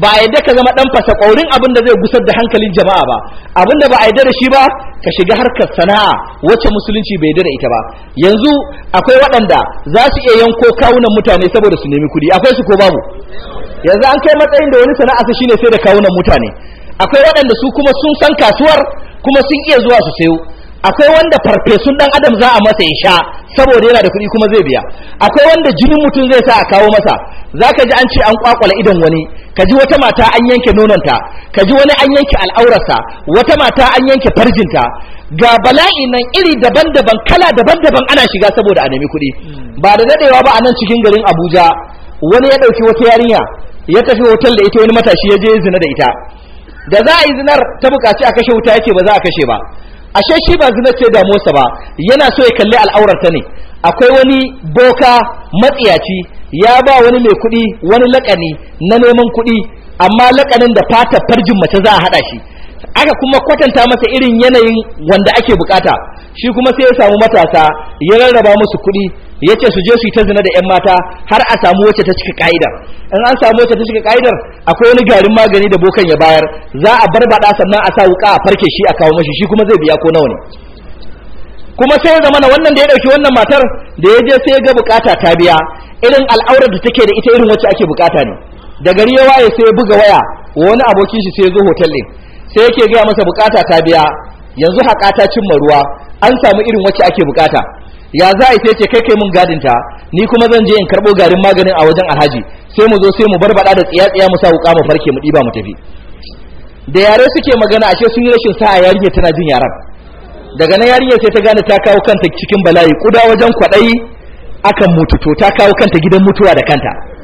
ba a yadda ka zama ɗan fasa ƙaurin abin da zai gusar da hankalin jama'a ba abin da ba a yadda da shi ba ka shiga harkar sana'a wacce musulunci bai yadda da ita ba yanzu akwai waɗanda za su iya yanko kawunan mutane saboda su nemi kuɗi akwai su ko babu yanzu an kai matsayin da wani sana'a su shine sai da kawunan mutane akwai waɗanda su kuma sun san kasuwar kuma sun iya zuwa su sayo akwai wanda farfesun dan adam za a masa ya sha saboda yana da kuɗi kuma zai biya akwai wanda jinin mutum zai sa a kawo masa za ka ji an ce an kwakwala idon wani ka ji wata mata an yanke nononta ka ji wani an yanke al'aurarsa wata mata an yanke farjinta ga bala'i nan iri daban-daban kala daban-daban ana shiga saboda a nemi kuɗi ba da daɗewa ba a nan cikin garin abuja wani ya ɗauki wata yarinya ya tafi hotel da ita wani matashi ya je zina da ita da za a yi zinar ta bukaci a kashe wuta yake ba za a kashe ba ashe shi ba zina ce damuwarsa ba yana so ya kalli al'aurarta ne akwai wani boka matsiyaci ya ba wani mai kuɗi wani lakani na neman kuɗi amma lakanin da fata farjin mace za a haɗa shi aka kuma kwatanta masa irin yanayin wanda ake bukata shi kuma sai ya samu matasa ya rarraba musu kuɗi ya ce su je su yi ta zina da 'yan mata har a samu wacce ta cika ka'idar in an samu wacce ta cika ka'idar akwai wani garin magani da bokan ya bayar za a barbada sannan a sa wuka a farke shi a kawo mashi shi kuma zai biya ko nawa ne kuma sai ya zama na wannan da ya dauki wannan matar da ya je sai ya ga bukata ta biya irin al'aurar da take da ita irin wacce ake bukata ne da gari ya waye sai ya buga waya wani abokin shi sai ya zo hotel din sai yake gaya masa bukata ta biya yanzu haƙa ta cimma ruwa an samu irin wacce ake bukata ya za a ce kai kai mun gadin ta ni kuma zan je in karbo garin maganin a wajen alhaji sai mu zo sai mu barbada da tsiya tsiya mu sa wuka mu farke mu diba mu tafi da yare suke magana ashe sun yi rashin sa'a yarinya tana jin yaran daga nan yarinya ce ta gane ta kawo kanta cikin bala'i kuda wajen kwadayi akan mutu ta kawo kanta gidan mutuwa da kanta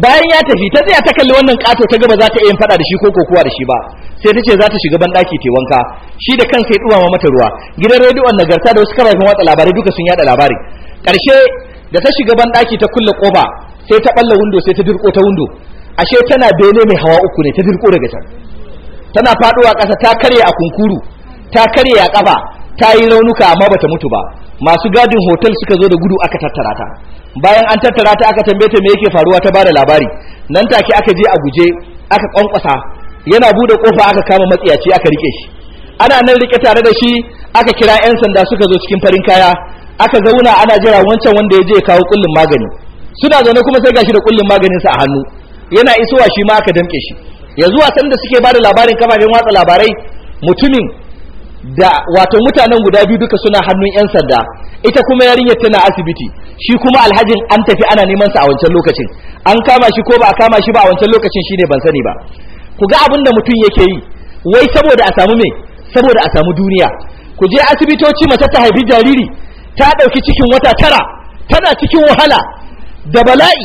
bayan ya tafi ta tsaya ta kalli wannan kato ta gaba za ta yin fada da shi ko kokowa da shi ba sai ta ce za ta shiga banɗaki ta wanka shi da kansa ya ma mata ruwa gidan rediyon nagarta da wasu kafafen watsa labarai duka sun yada labari karshe da ta shiga banɗaki ta kulle kofa sai ta ɓalla windo sai ta dirko ta windo ashe tana bene mai hawa uku ne ta dirko daga can tana faduwa ƙasa ta karye a kunkuru ta karye a kafa ta yi raunuka amma bata mutu ba masu gadin hotel suka zo da gudu aka tattara ta bayan an tattara ta aka tambaye ta me yake faruwa ta bada labari nan take aka je a guje aka kwankwasa yana bude kofa aka kama matsiyaci aka rike shi ana nan rike tare da shi aka kira yan sanda suka zo cikin farin kaya aka zauna ana jira wancan wanda ya je ya kawo kullun magani suna zaune kuma sai gashi da kullun maganin sa a hannu yana isowa shi ma aka damke shi yanzu wasan da suke bada labarin kafafen watsa labarai mutumin da wato mutanen guda biyu duka suna hannun 'yan sanda ita kuma yarinyar tana asibiti shi kuma alhajin an tafi ana neman sa a wancan lokacin an kama shi ko ba a kama shi ba a wancan lokacin shine ban sani ba ku ga abin da mutum yake yi wai saboda a samu me saboda a samu duniya ku je asibitoci mace ta haifi jariri ta ɗauki cikin wata tara tana cikin wahala da bala'i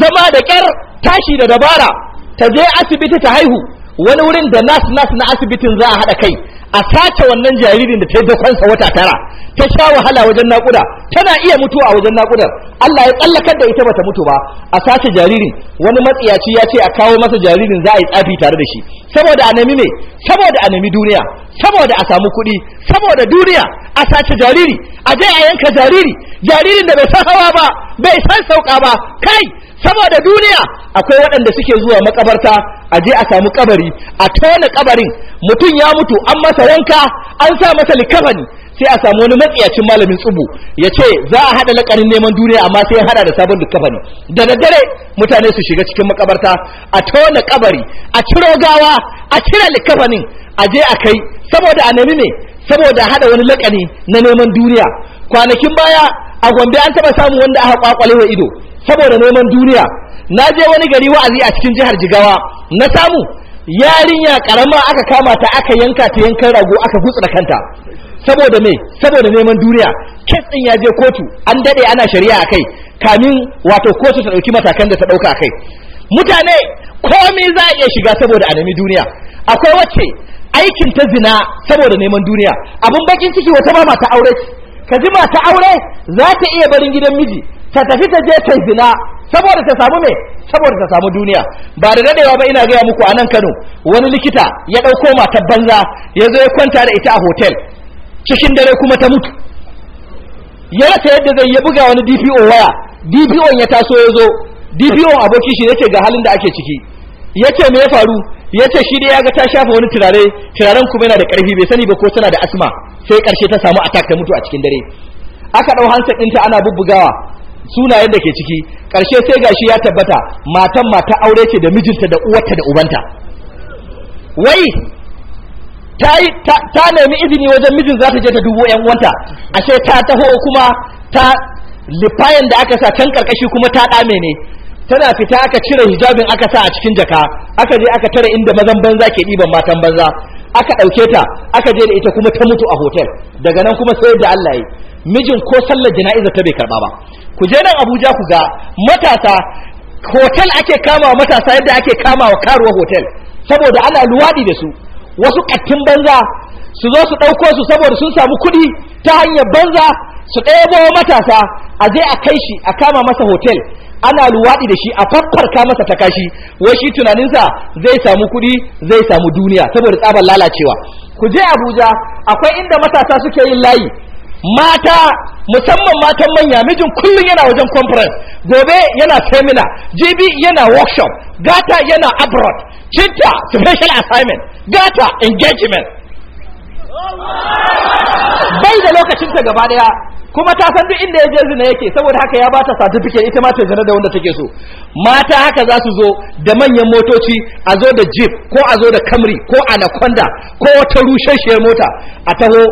zama da kyar tashi da dabara ta je asibiti ta haihu wani wurin da nas nas na asibitin za a haɗa kai a sace wannan jaririn da ta yi dakonsa wata tara ta sha wahala wajen naƙuda tana iya mutuwa a wajen naƙudar Allah ya tsallakar da ita bata mutu ba a sace jaririn wani matsiyaci ya ce a kawo masa jaririn za a yi tsafi tare da shi saboda a nemi ne saboda a nemi duniya saboda a samu kuɗi saboda duniya a sace jariri a je a yanka jariri jaririn da bai san hawa ba bai san sauka ba kai saboda duniya akwai waɗanda suke zuwa makabarta a je a samu kabari a tona kabarin mutum ya mutu an masa wanka an sa masa likafani sai a samu wani matsiyacin malamin tsubu ya ce za a haɗa lakarin neman duniya amma sai ya haɗa da sabon likafani da daddare mutane su shiga cikin makabarta a tona kabari a ciro gawa a cire likafanin a je a kai saboda a nemi ne saboda haɗa wani lakani na neman duniya kwanakin baya a gombe an taɓa samu wanda aka kwakwale wa ido saboda neman duniya na je wani gari wa'azi a cikin jihar jigawa na samu yarinya karama aka kama ta aka yanka ta yankan rago aka gutsu da kanta saboda me saboda neman duniya kes ɗin ya je kotu an dade ana shari'a a kai kamin wato kotu ta dauki matakan da ta dauka kai. mutane komai za a iya shiga saboda a nemi duniya akwai wacce aikin ta zina saboda neman duniya abin bakin ciki wata ma mata aure ka ji mata aure za ta iya barin gidan miji ta tafi ta je ta zina saboda ta samu me saboda ta samu duniya ba da dadewa ba ina gaya muku a nan Kano wani likita ya dauko matar banza ya zo ya kwanta da ita a hotel cikin dare kuma ta mutu ya rasa yadda zai ya buga wani DPO waya DPO ya taso ya zo DPO aboki shi yace ga halin da ake ciki yace me ya faru yace shi dai ya ga ta shafa wani turare turaren kuma yana da karfi bai sani ba ko tana da asma sai ƙarshe ta samu attack ta mutu a cikin dare aka dau hansa dinta ana bubbugawa sunayen da ke ciki ƙarshe sai gashi ya tabbata matan mata aure ce da mijinta da uwarta da ubanta wai ta nemi izini wajen mijin za ta je ta dubo yan uwanta ashe ta taho kuma ta lifayan da aka sa can karkashi kuma ta ɗame ne tana fita aka cire hijabin aka sa a cikin jaka aka je aka tare inda mazan banza ke ɗiban matan banza aka ɗauke ta aka je da ita kuma ta mutu a hotel daga nan kuma sai da Allah yi mijin ko sallar jana'izar ta bai karba ba ku je nan abuja ku ga matasa hotel ake kama wa matasa yadda ake kama wa karuwa hotel saboda ana luwaɗi da su wasu kattin banza su zo su ɗauko su saboda sun samu kuɗi ta hanyar banza su ɗebo matasa a je a kai shi a kama masa hotel ana luwaɗi da shi a faffarka masa ta kashi wai shi tunaninsa zai samu kuɗi zai samu duniya saboda tsabar lalacewa ku je abuja akwai inda matasa suke yin layi mata musamman matan manya mijin kullum yana wajen conference gobe yana seminar jibi yana workshop gata yana abroad cinta special assignment gata engagement bai da lokacinta gaba daya kuma ta san duk inda ya je zina yake saboda haka ya bata certificate ita ma ta zina da wanda take so mata haka za su zo da manyan motoci a zo da jeep ko a zo da camry ko anaconda ko wata rushe mota a taho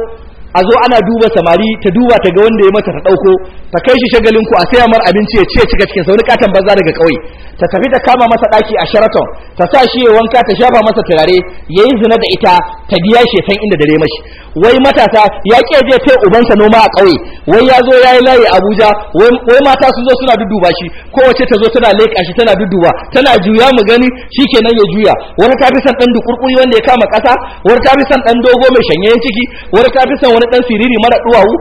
a zo ana duba samari ta duba ta ga wanda ya mata ta dauko ta kai shi shagalin ku a sai mar abinci ya ce cika cikin sauri katan banza daga kauye ta tafi ta kama masa daki a sharaton ta sa shi ya wanka ta shafa masa turare yayin zina da ita ta biya shi san inda dare mashi wai matasa ya ke je ta ubansa noma a ƙauye wai ya zo ya yi layi Abuja wai mata sun zo suna dudduba shi kowace ta zo tana leƙa shi tana dudduba tana juya mu gani shikenan ya juya wani ta fi son dan dukurkuri wanda ya kama ƙasa wani ta fi son dan dogo mai shanyayen ciki wani ta fi son wani dan siriri mara duwawu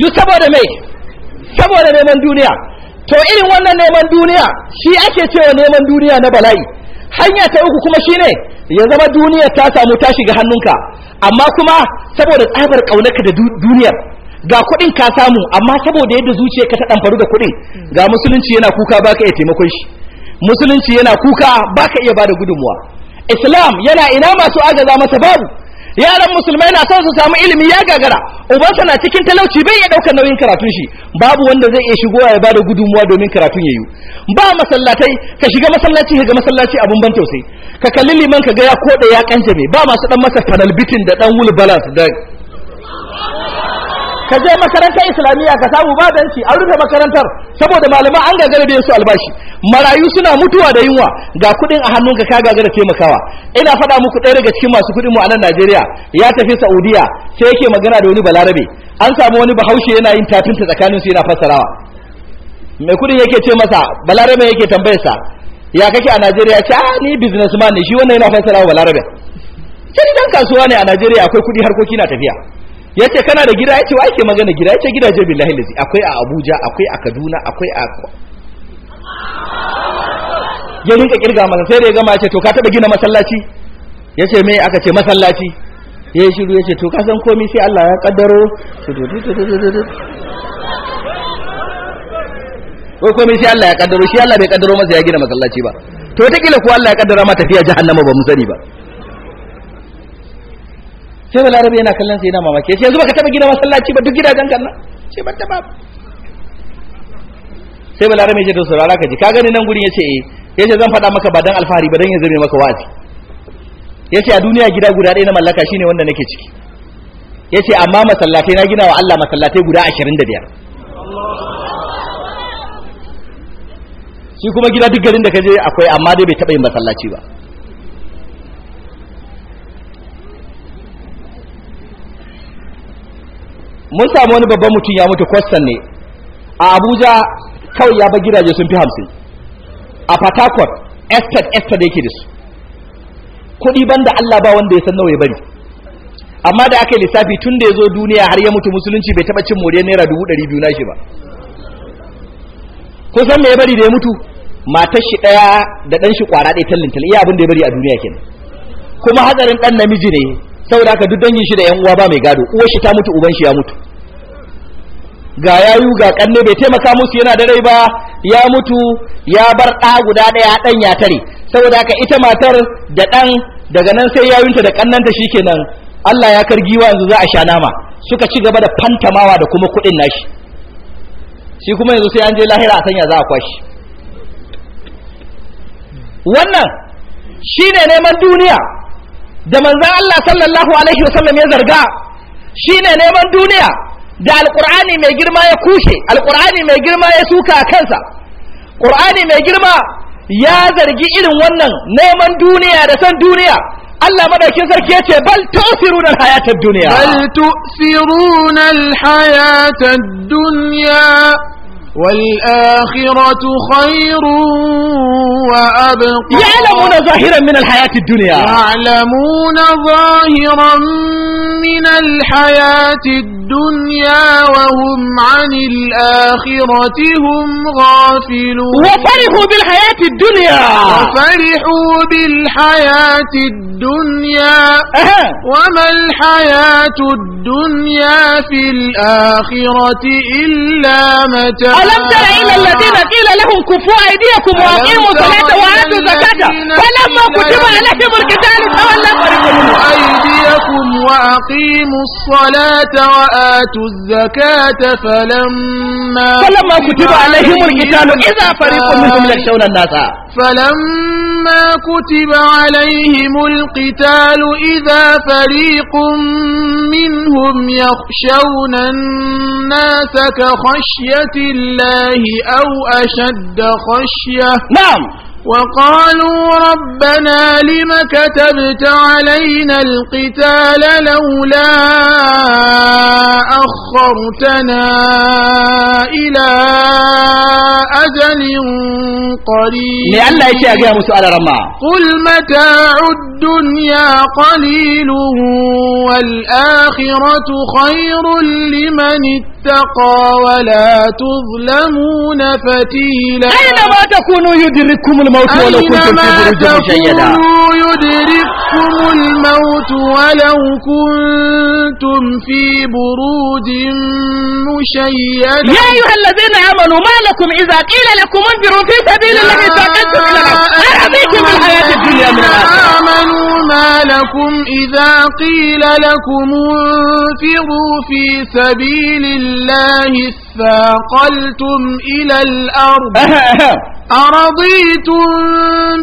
duk saboda mai saboda neman duniya to irin wannan neman duniya shi ake cewa neman duniya na bala'i hanya ta uku kuma shine ya zama duniya ta samu ta shiga hannunka amma kuma saboda tsabar kaunarka da duniyar ga kuɗin ka samu amma saboda yadda zuciya ka ta faru da kuɗin ga musulunci yana kuka baka iya taimakon shi musulunci yana kuka baka iya bada gudunmuwa islam yana ina masu agaza masa babu yaran musulmai na son su samu ilimi ya gagara ubansa na cikin talauci bai ya daukar nauyin karatun shi babu wanda zai iya shigowa ya bada gudunmuwa domin karatun ya yi. ba masallatai ka shiga masallaci ka ga masallaci abun ban tausayi ka kalli liman ka ga ya koda ya kanje ba masu dan masa fanal bitin da dan wul da ka je makarantar islamiyya ka samu ba a rufe makarantar saboda malaman an gagara da su albashi marayu suna mutuwa da yunwa ga kuɗin a hannunka ka gagara taimakawa ina faɗa muku ɗaya daga cikin masu kuɗin mu a nan Najeriya ya tafi Saudiya sai yake magana da wani balarabe an samu wani bahaushe yana yin tafinta su yana fassarawa mai kuɗin yake ce masa balarabe yake tambayarsa ya kake a Najeriya ce a ah, ni businessman ne shi wannan yana fassarawa balarabe sai dan kasuwa ne a Najeriya akwai kuɗi harkoki na tafiya ya ce kana da gida ya ce wa ake magana gida ya ce gidaje billahi lazi akwai a abuja akwai a kaduna akwai a ya rinka kirga mana sai da ya gama ya ce to ka taba gina masallaci ya ce me aka ce masallaci ya yi shiru ya ce to ka san komi sai Allah ya kaddaro Ko komi sai Allah ya kaddaro shi Allah bai kaddaro masa ya gina masallaci ba to ta kila ko Allah ya kaddara ma tafiya jahannama ba mu sani ba sai da larabi yana kallon sai yana mamaki yace yanzu baka taba gida masallaci ba duk gidajen kallon sai ban taba sai ba ya yace to saurara ka ji ka gani nan gurin yace eh yace zan faɗa maka ba dan alfahari ba dan ya zame maka wa'azi yace a duniya gida guda ɗaya na mallaka shine wanda nake ciki yace amma masallatai na gina wa Allah masallatai guda 25 shi kuma gida duk garin da je akwai amma dai bai taɓa yin masallaci ba mun samu wani babban mutum ya mutu kwastan ne a abuja kawai ya bar gidaje sun fi hamsin a estet estet da yake da su kuɗi da allah ba wanda ya san nawa ya bari amma da aka yi lissafi tun da ya zo duniya har ya mutu musulunci bai taɓa cin moriyar naira dubu ɗari biyu nashi ba ko san me ya bari da ya mutu matar shi ɗaya da ɗan shi ƙwara ɗaya tallin tallin iya abin da ya bari a duniya kenan kuma hatsarin ɗan namiji ne saboda haka duk dangin shi da yan uwa ba mai gado uwar shi ta mutu uban shi ya mutu ga yayu ga kanne bai taimaka musu yana da rai ba ya mutu ya bar ɗa guda ɗaya dan ya tare saboda haka ita matar da ɗan daga nan sai yayunta da kannanta shikenan Allah ya kargiwa yanzu za a sha nama suka ci gaba da fantamawa da kuma kuɗin nashi shi kuma yanzu sai an je lahira a sanya za a kwashi wannan shine neman duniya da manzan Allah sallallahu alaihi wasallam ya zarga shi ne neman duniya da alkur'ani mai girma ya kushe alkur'ani mai girma ya suka a kansa ƙur'ani mai girma ya zargi irin wannan neman duniya da san duniya Allah madaukin sarki yace bal tu'siruna al-hayatad dunya bal tu'siruna al-hayatad والآخرة خير وأبقى يعلمون ظاهرا من الحياة الدنيا يعلمون ظاهرا من الحياة الدنيا وهم عن الآخرة هم غافلون وفرحوا بالحياة الدنيا وفرحوا بالحياة الدنيا وما الحياة الدنيا في الآخرة إلا متاع ألم تر إلى الذين قيل لهم كفوا أيديكم وأقيموا الصلاة وآتوا الزكاة فلما كتب عليهم القتال تولوا أيديكم وأقيموا وأقيموا الصلاة وآتوا الزكاة فلما فلما كتب عليهم القتال إذا فريق منهم يخشون الناس فلما كتب عليهم القتال إذا فريق منهم يخشون الناس كخشية الله أو أشد خشية نعم وقالوا ربنا لم كتبت علينا القتال لولا أخرتنا إلى أجل قريب لأن يشاء يا سؤال رما قل متاع الدنيا قليل والآخرة خير لمن اتبع واتقى ولا تظلمون فتيلا أينما تكونوا يدرككم الموت ولو كنتم في برج مشيدة أينما يدرككم الموت ولو كنتم في بروج مشيدة يا أيها الذين آمنوا ما لكم إذا قيل لكم انفروا في سبيل الله ثاقلتم إلى الأرض الحياة الدنيا من الآخرة آمنوا ما لكم إذا قيل لكم انفروا في سبيل الله الله ثاقلتم إلى الأرض أرضيتم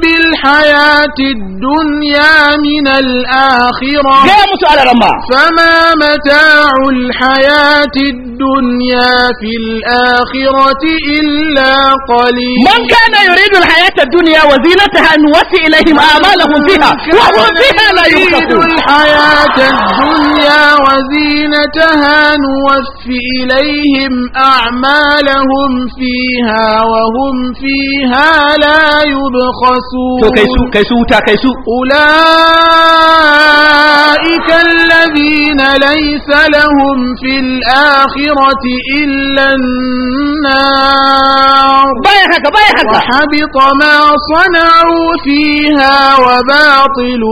بالحياة الدنيا من الآخرة فما متاع الحياة الدنيا في الآخرة إلا قليل من كان يريد الحياة الدنيا وزينتها نوفي إليهم آمالهم فيها وهم فيها لا يريد الحياة الدنيا وزينتها نوفي إليهم أعمالهم فيها وهم فيها لا يبخسون كيسو كيسو تا كيسو أولئك الذين ليس لهم في الآخرة إلا النار وحبط ما صنعوا فيها وباطل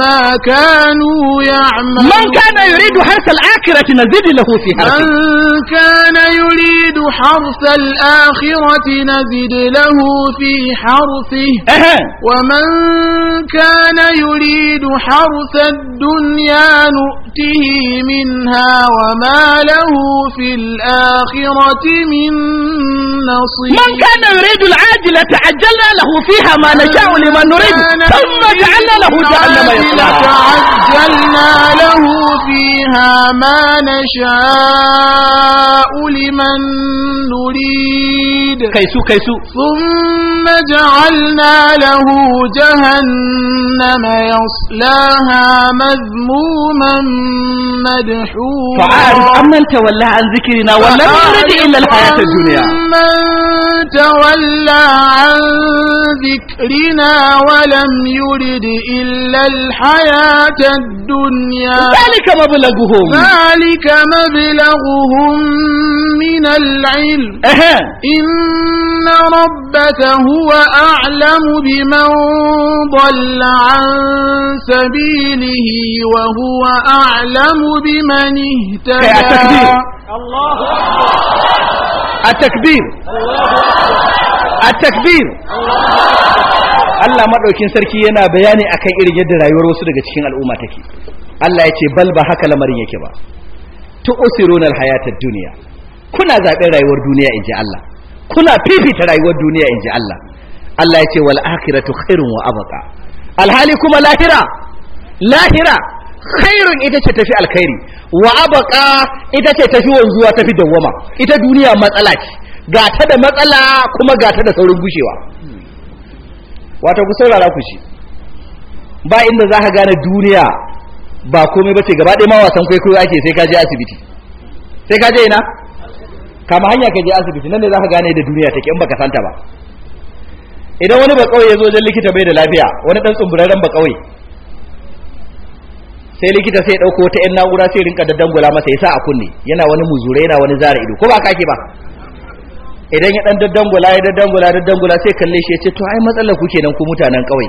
ما كانوا يعملون من كان يريد حرث الآخرة نزيد له في من كان كان يريد حرث الآخرة نزد له في حرثه ومن كان يريد حرث الدنيا نؤته منها وما له في الآخرة من نصيب من كان يريد العاجلة عجلنا له فيها ما نشاء لمن نريد ثم جعلنا له جهنم عجلنا له فيها ما نشاء لمن نريد كيسو كيسو ثم جعلنا له جهنم يصلاها مذموما مدحورا فعارف أمن تولى عن ذكرنا ولم يرد إلا الحياة الدنيا من تولى عن ذكرنا ولم يرد إلا الحياة الدنيا ذلك مبلغهم ذلك مبلغهم من العلم أها. إن ربك هو أعلم بمن ضل عن سبيله وهو أعلم بمن اهتدى التكبير الله التكبير التكبير الله ما دوكي سركي yana bayani akan irin yadda rayuwar wasu daga cikin al'umma take Allah ya ce bal ba haka lamarin yake ba tu'siruna al-hayatad dunya kuna zaɓen rayuwar duniya in ji Allah kuna fifita rayuwar duniya in ji Allah Allah ya ce wal akhiratu khairun wa abqa alhali kuma lahira lahira khairun ita ce tafi alkhairi wa abqa ita ce tafi wanzuwa tafi dawwama ita duniya matsala ce ga da matsala kuma ga ta da saurin gushewa wato ku saurara ku shi ba inda za ka gane duniya ba komai ba ce gaba ɗaya ma wasan kwaikwayo ake sai ka je asibiti sai ka je ina kama hanya ka je asibiti nan ne za ka gane da duniya take in baka santa ba idan wani ba ya zo wajen likita bai da lafiya wani dan tsumburaren ba sai likita sai dauko ta yan na'ura sai rinka daddangula masa yasa a kunne yana wani muzure yana wani zara ido ko ba kake ba idan ya dan daddangula ya daddangula daddangula sai kalle shi ya ce to ai matsalar ku kenan ku mutanen kauye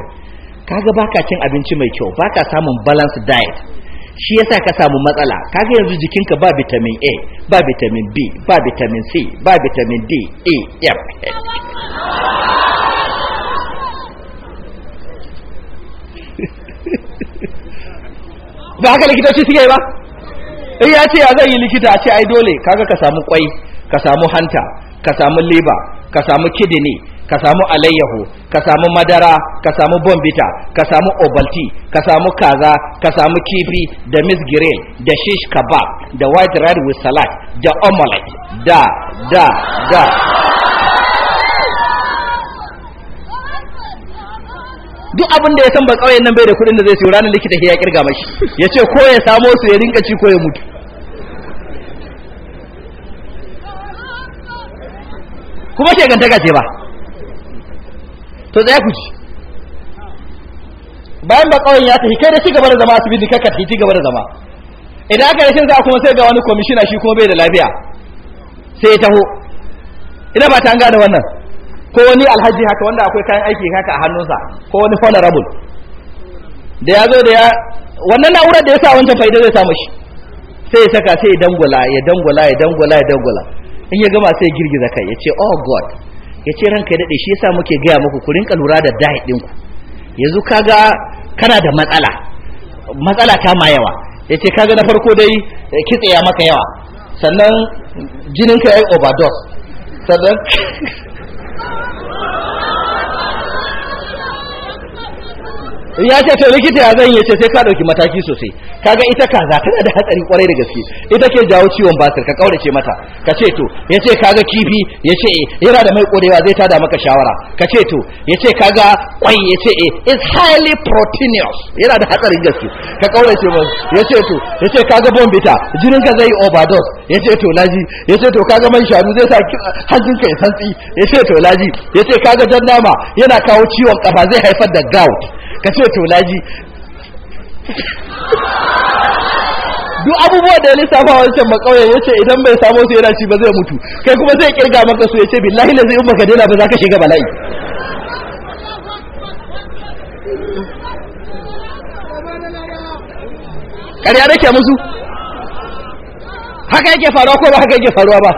kaga baka cin abinci mai kyau baka samun balanced diet shi yasa ka samu matsala kaga yanzu jikinka ba vitamin A ba vitamin B ba vitamin C ba vitamin D E F ba haka likitoci suke ba in eh, ya ce ya zai yi likita a ce ai dole kaga ka samu kwai ka samu hanta ka samu liver ka samu kidney ka samu alayyahu ka samu madara ka samu bombita ka samu obalti ka samu kaza ka samu kifi da miss grill da shish kebab da white rice with salad da omelette da da da duk abin da ya san ba kauyen nan bai da kudin da zai siyo ranar likita ke ya kirga mashi ya ce ko ya samo su ya rinka ci ko ya mutu kuma shegantaka ce ba to zai ku ci bayan ba kawai ya tafi kai da ci gaba da zama asibiti ka tafi ci gaba da zama idan aka rashin za kuma sai ga wani kwamishina shi kuma bai da lafiya sai ya taho ina ba ta gane wannan ko wani alhaji haka wanda akwai kayan aiki haka a hannunsa ko wani honorable da ya zo da ya wannan na'urar da ya sa wancan faida zai samu shi sai ya saka sai ya dangula ya dangula ya dangula ya dangula in ya gama sai girgiza kai ya ce oh god ya ce ranka ya daɗe shi yasa muke gaya muku ku rinka lura da diet ɗinku yanzu kaga kana da matsala matsala ta ma yawa ya ce kaga na farko dai eh, kitse ya maka yawa sannan jininka ya overdose sannan ya ce to likita ya zan yace sai ka dauki mataki sosai kaga ita kaza tana da hatsari kwarai da gaske ita ke jawo ciwon basir ka kaurace mata ka ce to yace kaga kifi yace eh yana da mai kodewa zai tada maka shawara ka ce to yace kaga kwai yace eh is highly proteinous yana da hatsarin gaske ka kaurace masa yace to yace kaga bombita jinin ka zai overdose yace to laji yace to kaga man shanu zai sa hanjin ka ya santsi yace to laji yace kaga jan nama yana kawo ciwon kafa zai haifar da gout ka ce to laji duk abubuwa da ya lissafa wancan makauye ya ce idan bai samu su yana ci ba zai mutu kai kuma sai kirga maka su ya ce billahi la zai in baka ba za ka shiga bala'i ƙarya ke musu haka yake faruwa ko ba haka yake faruwa ba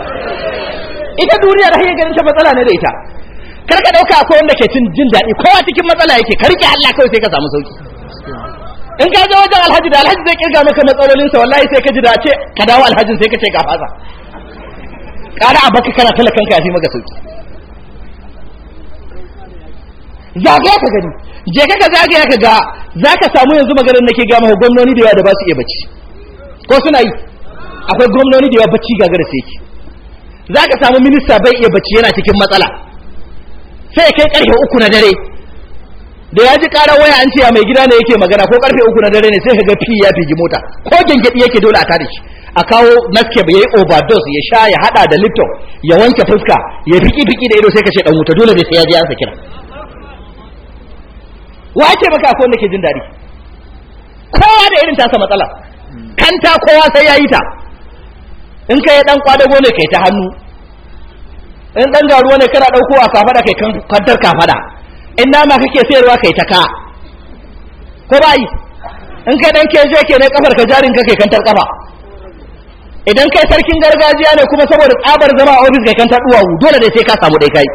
ita duniya da hanyar ganin ta matsala ne da ita kar ka dauka ko wanda ke cin jin daɗi kowa cikin matsala yake ka Allah kawai sai ka samu sauki in ka je wajen alhaji da alhaji zai kirga maka matsalolin sa wallahi sai ka ji da ce ka dawo alhajin sai ka ce ga faza kara a baka kana talakan ka yafi maka sauki zagaya ka gani je ka zagaya ka ga za ka samu yanzu maganar nake ga maka gwamnoni da yawa da ba su iya bacci ko suna yi akwai gwamnoni da yawa bacci gagara sai yake za ka samu minista bai iya bacci yana cikin matsala sai kai karfe uku na dare da ya ji karar waya an cewa mai gida ne yake magana ko karfe uku na dare ne sai ka ga fi ya ji mota ko gengedi yake dole a tare shi a kawo naske ya yi overdose ya sha ya hada da lipton ya wanke fuska ya fiki fiki da ido sai ka ce dan wuta dole ne sai ya ji an kira wa ake maka akwai wanda ke jin daɗi kowa da irin tasa matsala kanta kowa sai ya yi ta in ka yi dan kwadago ne kai ta hannu in dan garuwa ne kana dauko a kafada kai kaddar kafada in nama kake sayarwa kai ta ka ko ba yi in kai dan keje ke ne kafar ka jarin ka kai kantar kafa idan kai sarkin gargajiya ne kuma saboda tsabar zama a ofis kai kantar duwawu dole ne sai ka samu dai kai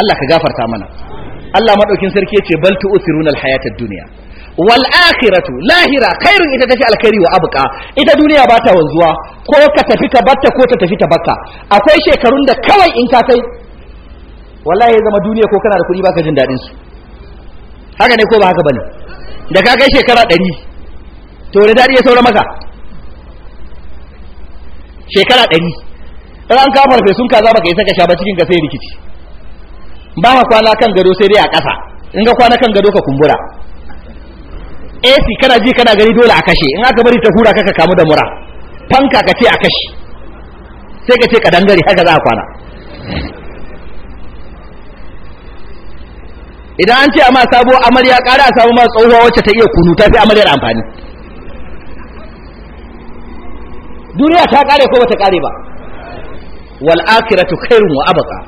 Allah ka gafarta mana Allah madaukin sarki ce bal tu'thiruna al-hayatad dunya wal akhiratu lahira khairun ita tafi alkhairi wa abqa ita duniya ba ta wanzuwa ko ka tafi ka batta ko ta tafi ta bakka akwai shekarun da kawai in ka kai wallahi ya zama duniya ko kana da kuɗi baka jin daɗin su haka ne ko ba haka bane da ka kai shekara ɗari to da daɗi ya saura maka shekara ɗari an ka farfe sun kaza baka isa ka sha ba cikin ka sai rikici ba ka kwana kan gado sai dai a ƙasa in ga kwana kan gado ka kumbura AC kana ji kana gani dole a kashe in aka bari ta hura kaka kamu da mura fanka ka ce a kashe sai ka ce ka dangare haka za a kwana idan an ce amma sabo amarya ƙara a samu masu tsohuwa wacce ta iya kunu ta fi amaryar amfani duniya ta ƙare ko bata ƙare ba wal akhiratu khairun wa abqa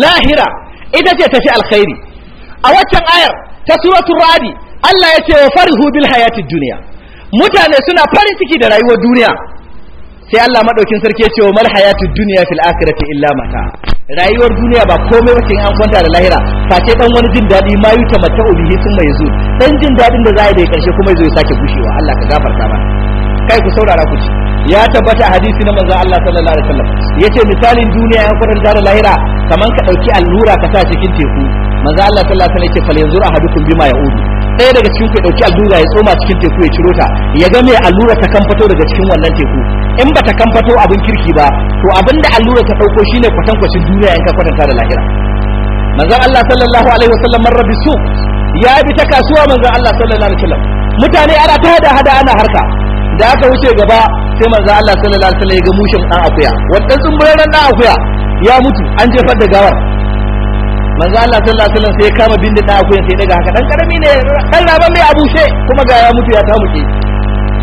lahira ita ce ta fi alkhairi a waccan ayar ta suratul radi Allah ya ce wa farhu bil hayatid duniya mutane suna farin ciki da rayuwar duniya sai Allah madaukin sarki ya ce wa mal hayatud duniya fil akhirati illa mata rayuwar duniya ba komai bace an kwanta da lahira face dan wani jin dadi ma yuta mata ubihi sun mai zu dan jin dadin da za zai da karshe kuma zai sake gushewa Allah ka gafarta ba. kai ku saurara ku ci ya tabbata a hadisi na manzon Allah sallallahu alaihi wasallam yace misalin duniya an kwanta da lahira kaman ka dauki allura ka sa cikin teku manzon Allah sallallahu alaihi wasallam yace fal yanzur ahadukum bima ya'udu ɗaya daga cikin ku ya ɗauki allura ya tsoma cikin teku ya ciro ta ya ga mai allura ta kan fito daga cikin wannan teku in ba ta kan fito abin kirki ba to abin da allura ta ɗauko shine kwatankwacin duniya in ka kwatanta da lahira manzon Allah sallallahu alaihi wasallam marra su ya bi ta kasuwa manzon Allah sallallahu alaihi wasallam mutane ana ta hada hada ana harka da aka wuce gaba sai manzon Allah sallallahu alaihi wasallam ya ga mushin dan akuya wannan tsumburan dan akuya ya mutu an jefar da gawar manzo Allah sallallahu alaihi wasallam sai ya kama bindin da akuyan sai daga haka dan karami ne dan raban mai abushe kuma ga ya mutu ya muke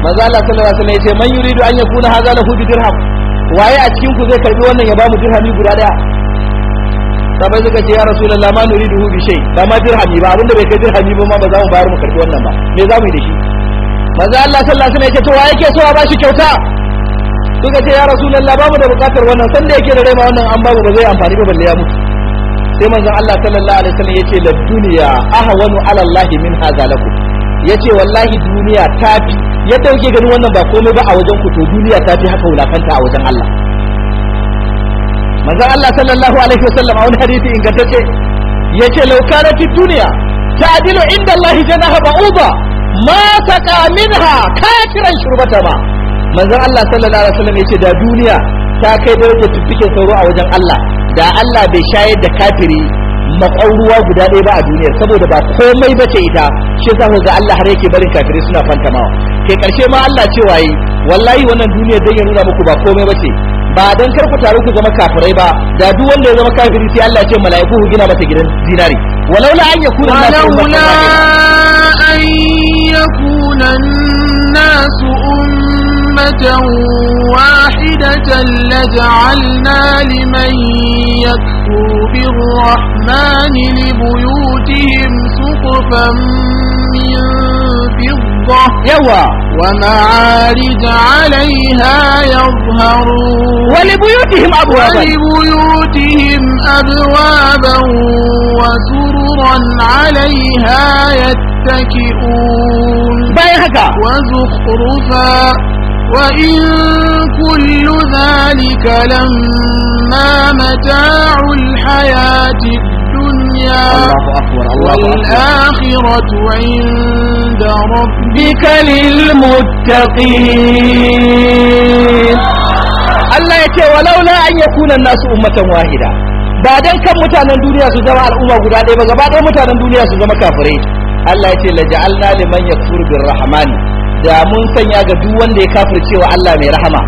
manzo Allah sallallahu alaihi wasallam ya ce man yuridu an yakuna hadha lahu bi dirham waye a cikin ku zai karbi wannan ya ba mu dirhami guda daya sabai suka ce ya rasulullah ma nuridu bi shay ba ma dirhami ba abinda bai kai dirhami ba ma ba za mu bayar mu karbi wannan ba me za mu yi da shi manzo Allah sallallahu alaihi wasallam ya ce to waye yake so a bashi kyauta suka ce ya rasulullah ba mu da bukatar wannan sanda yake da rai ma wannan an babu ba zai amfani ba balle ya mutu sai manzon Allah sallallahu alaihi wasallam yace la dunya ahwanu ala Allah min hadha lakum yace wallahi duniya tafi ya dauke gani wannan ba komai ba a wajen ku to duniya tafi haka wulakanta a wajen Allah manzon Allah sallallahu alaihi wasallam a wani hadisi ingantacce yace law kanat dunya ta'dilu inda Allah janaha ba'uda ma saqa minha kafiran shurbata ba manzon Allah sallallahu alaihi wasallam yace da duniya ta kai darajar fiffiken sauro a wajen Allah da Allah bai shayar da kafiri makauruwa guda ɗaya ba a duniyar saboda ba komai ba ce ita shi za ga Allah har yake barin kafirai suna fantamawa ke karshe ma Allah cewa yi wallahi wannan duniyar zai nuna muku ba komai ba ce ba don kar ku taru ku zama kafirai ba da duk wanda ya zama kafiri sai Allah ce mala'iku ku gina masa gidan zinari walaula an yakuna an yakuna an-nasu أمة واحدة لجعلنا لمن يكفر بالرحمن لبيوتهم سقفا من فضة يوا ومعارج عليها يظهرون ولبيوتهم أبوابا ولبيوتهم أبوابا وسررا عليها يتكئون وزخرفا وإن كل ذلك لما متاع الحياة الدنيا والآخرة عند ربك للمتقين Allah ya ce walaula an yakuna nasu ummatan wahida ba dan kan mutanen duniya su zama al'umma guda ɗaya ba gaba ɗaya mutanen duniya su zama kafirai Allah ya ce laja'alna liman yakfur bir rahmani da mun sanya ga duk wanda ya kafir cewa Allah mai rahama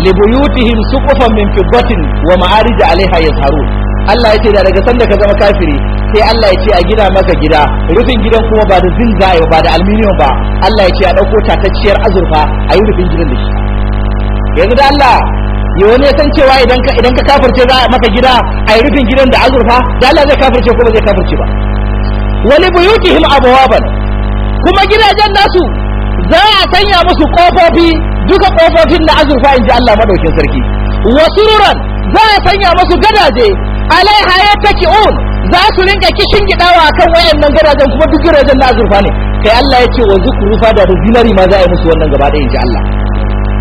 libuyutihim suqufan min fiddatin wa ma'arij alaiha yazharun Allah yace da daga sanda ka zama kafiri sai Allah yace a gida maka gida rufin gidan kuma ba da zinzaye ba da aluminium ba Allah yace a dauko tatacciyar azurfa a yi rufin gidan da shi yanzu da Allah ya wani ya san cewa idan ka idan ka kafirce za maka gida a yi rufin gidan da azurfa da Allah zai kafirce ko ba zai kafirce ba wali buyutihim abwaban kuma gidajen nasu za a sanya musu kofofi duka kofofin na azurfa in ji Allah madaukin sarki wasururan za a sanya musu gadaje alaiha ya taki'un za su rinka kishin gidawa akan wayannan gadajen kuma duk gadajen na azurfa ne kai Allah ya ce wa zukuru fada da zinari ma za a yi musu wannan gaba ɗaya in ji Allah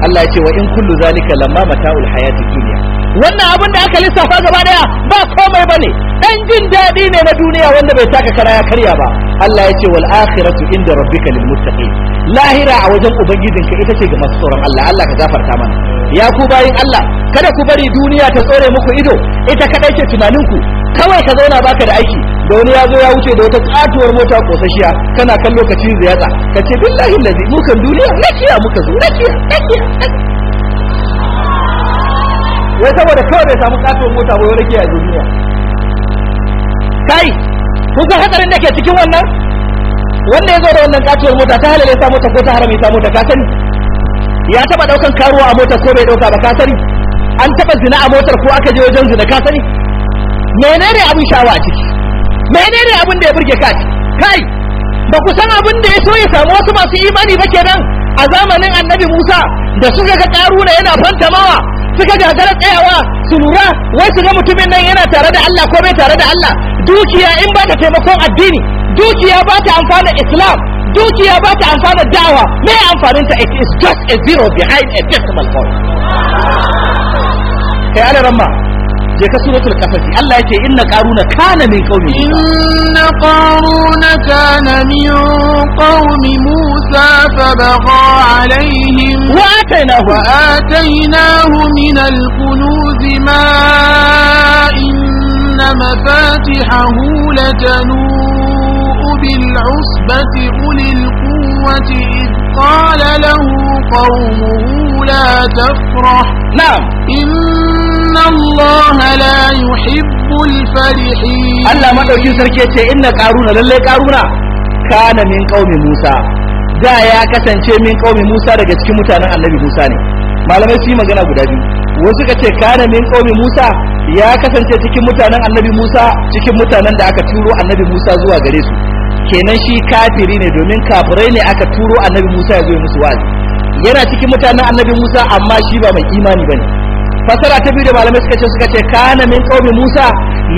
Allah ya ce wa in kullu zalika lamma mata'ul hayatid dunya wannan abin da aka lissafa gaba daya ba komai bane dan jin daɗi ne na duniya wanda bai taka kara ya karya ba Allah ya ce wal akhiratu inda rabbika lil muttaqin lahira a wajen ubangijinka ita ce ga masu tsoron Allah Allah ka gafarta mana ya ku bayin Allah kada ku bari duniya ta tsore muku ido ita kadai ce tunaninku kawai ka zauna baka da aiki da wani ya zo ya wuce da wata katuwar mota kosashiya kana kan lokacin ziyatsa ka ce billahi lazi mukan duniya rakiya muka zo na rakiya wai saboda kawai bai samu katon mota ba rage a duniya kai kun san hatsarin da ke cikin wannan wanda ya zo da wannan katon mota ta halale samu mota ko ta haram ya sa mota ka sani ya taba daukan karuwa a motar ko bai dauka ba ka sani an taba zina a motar ko aka je wajen zina ka sani menene abin shawa a ciki menene abin da ya burge ka kai ba ku san abin da ya so ya samu wasu masu imani ba kenan a zamanin annabi Musa da suka ga karuna yana fantamawa suka gagara tsayawa su lura wai su ga mutumin nan yana tare da Allah ko bai tare da Allah dukiya in ba ta taimakon addini dukiya ba ta amfana islam dukiya ba ta amfana dawa me amfanin ta it is just a zero behind a decimal point kai je ka suratul qasasi Allah yace inna qaruna kana min qaumi inna qaruna kana min qaumi Musa fabagha alaihim wa atainahu wa atainahu min al-kunuz ma inna mafatihahu latanu'u bil 'usbati ulil quwwati id qala lahu qawmuhu la tafrah na'am Allah la يحب الفرحين الله ما دوكي سركي يتي إن قارون للي قارون كان min قوم Musa, دا ya kasance min قوم Musa daga cikin mutanen annabi Musa ne malamai su yi magana guda biyu wasu ka ce kana min qaumi Musa ya kasance cikin mutanen annabi Musa cikin mutanen da aka turo annabi Musa zuwa gare su kenan shi kafiri ne domin kafirai ne aka turo annabi Musa ya zo musu wa'azi yana cikin mutanen annabi Musa amma shi ba mai imani bane fasara ta biyu da malamai suka ce suka ce kana min qaumi Musa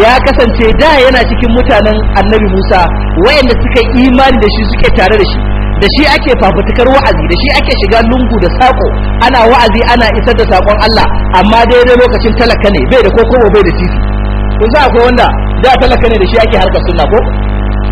ya kasance da yana cikin mutanen annabi Musa wayanda suka imani da shi suke tare da shi da shi ake fafutukar wa'azi da shi ake shiga lungu da sako ana wa'azi ana isar da sakon Allah amma daidai lokacin talaka ne bai da kokobo bai da titi kun za ko wanda da talaka ne da shi ake harkar sunna ko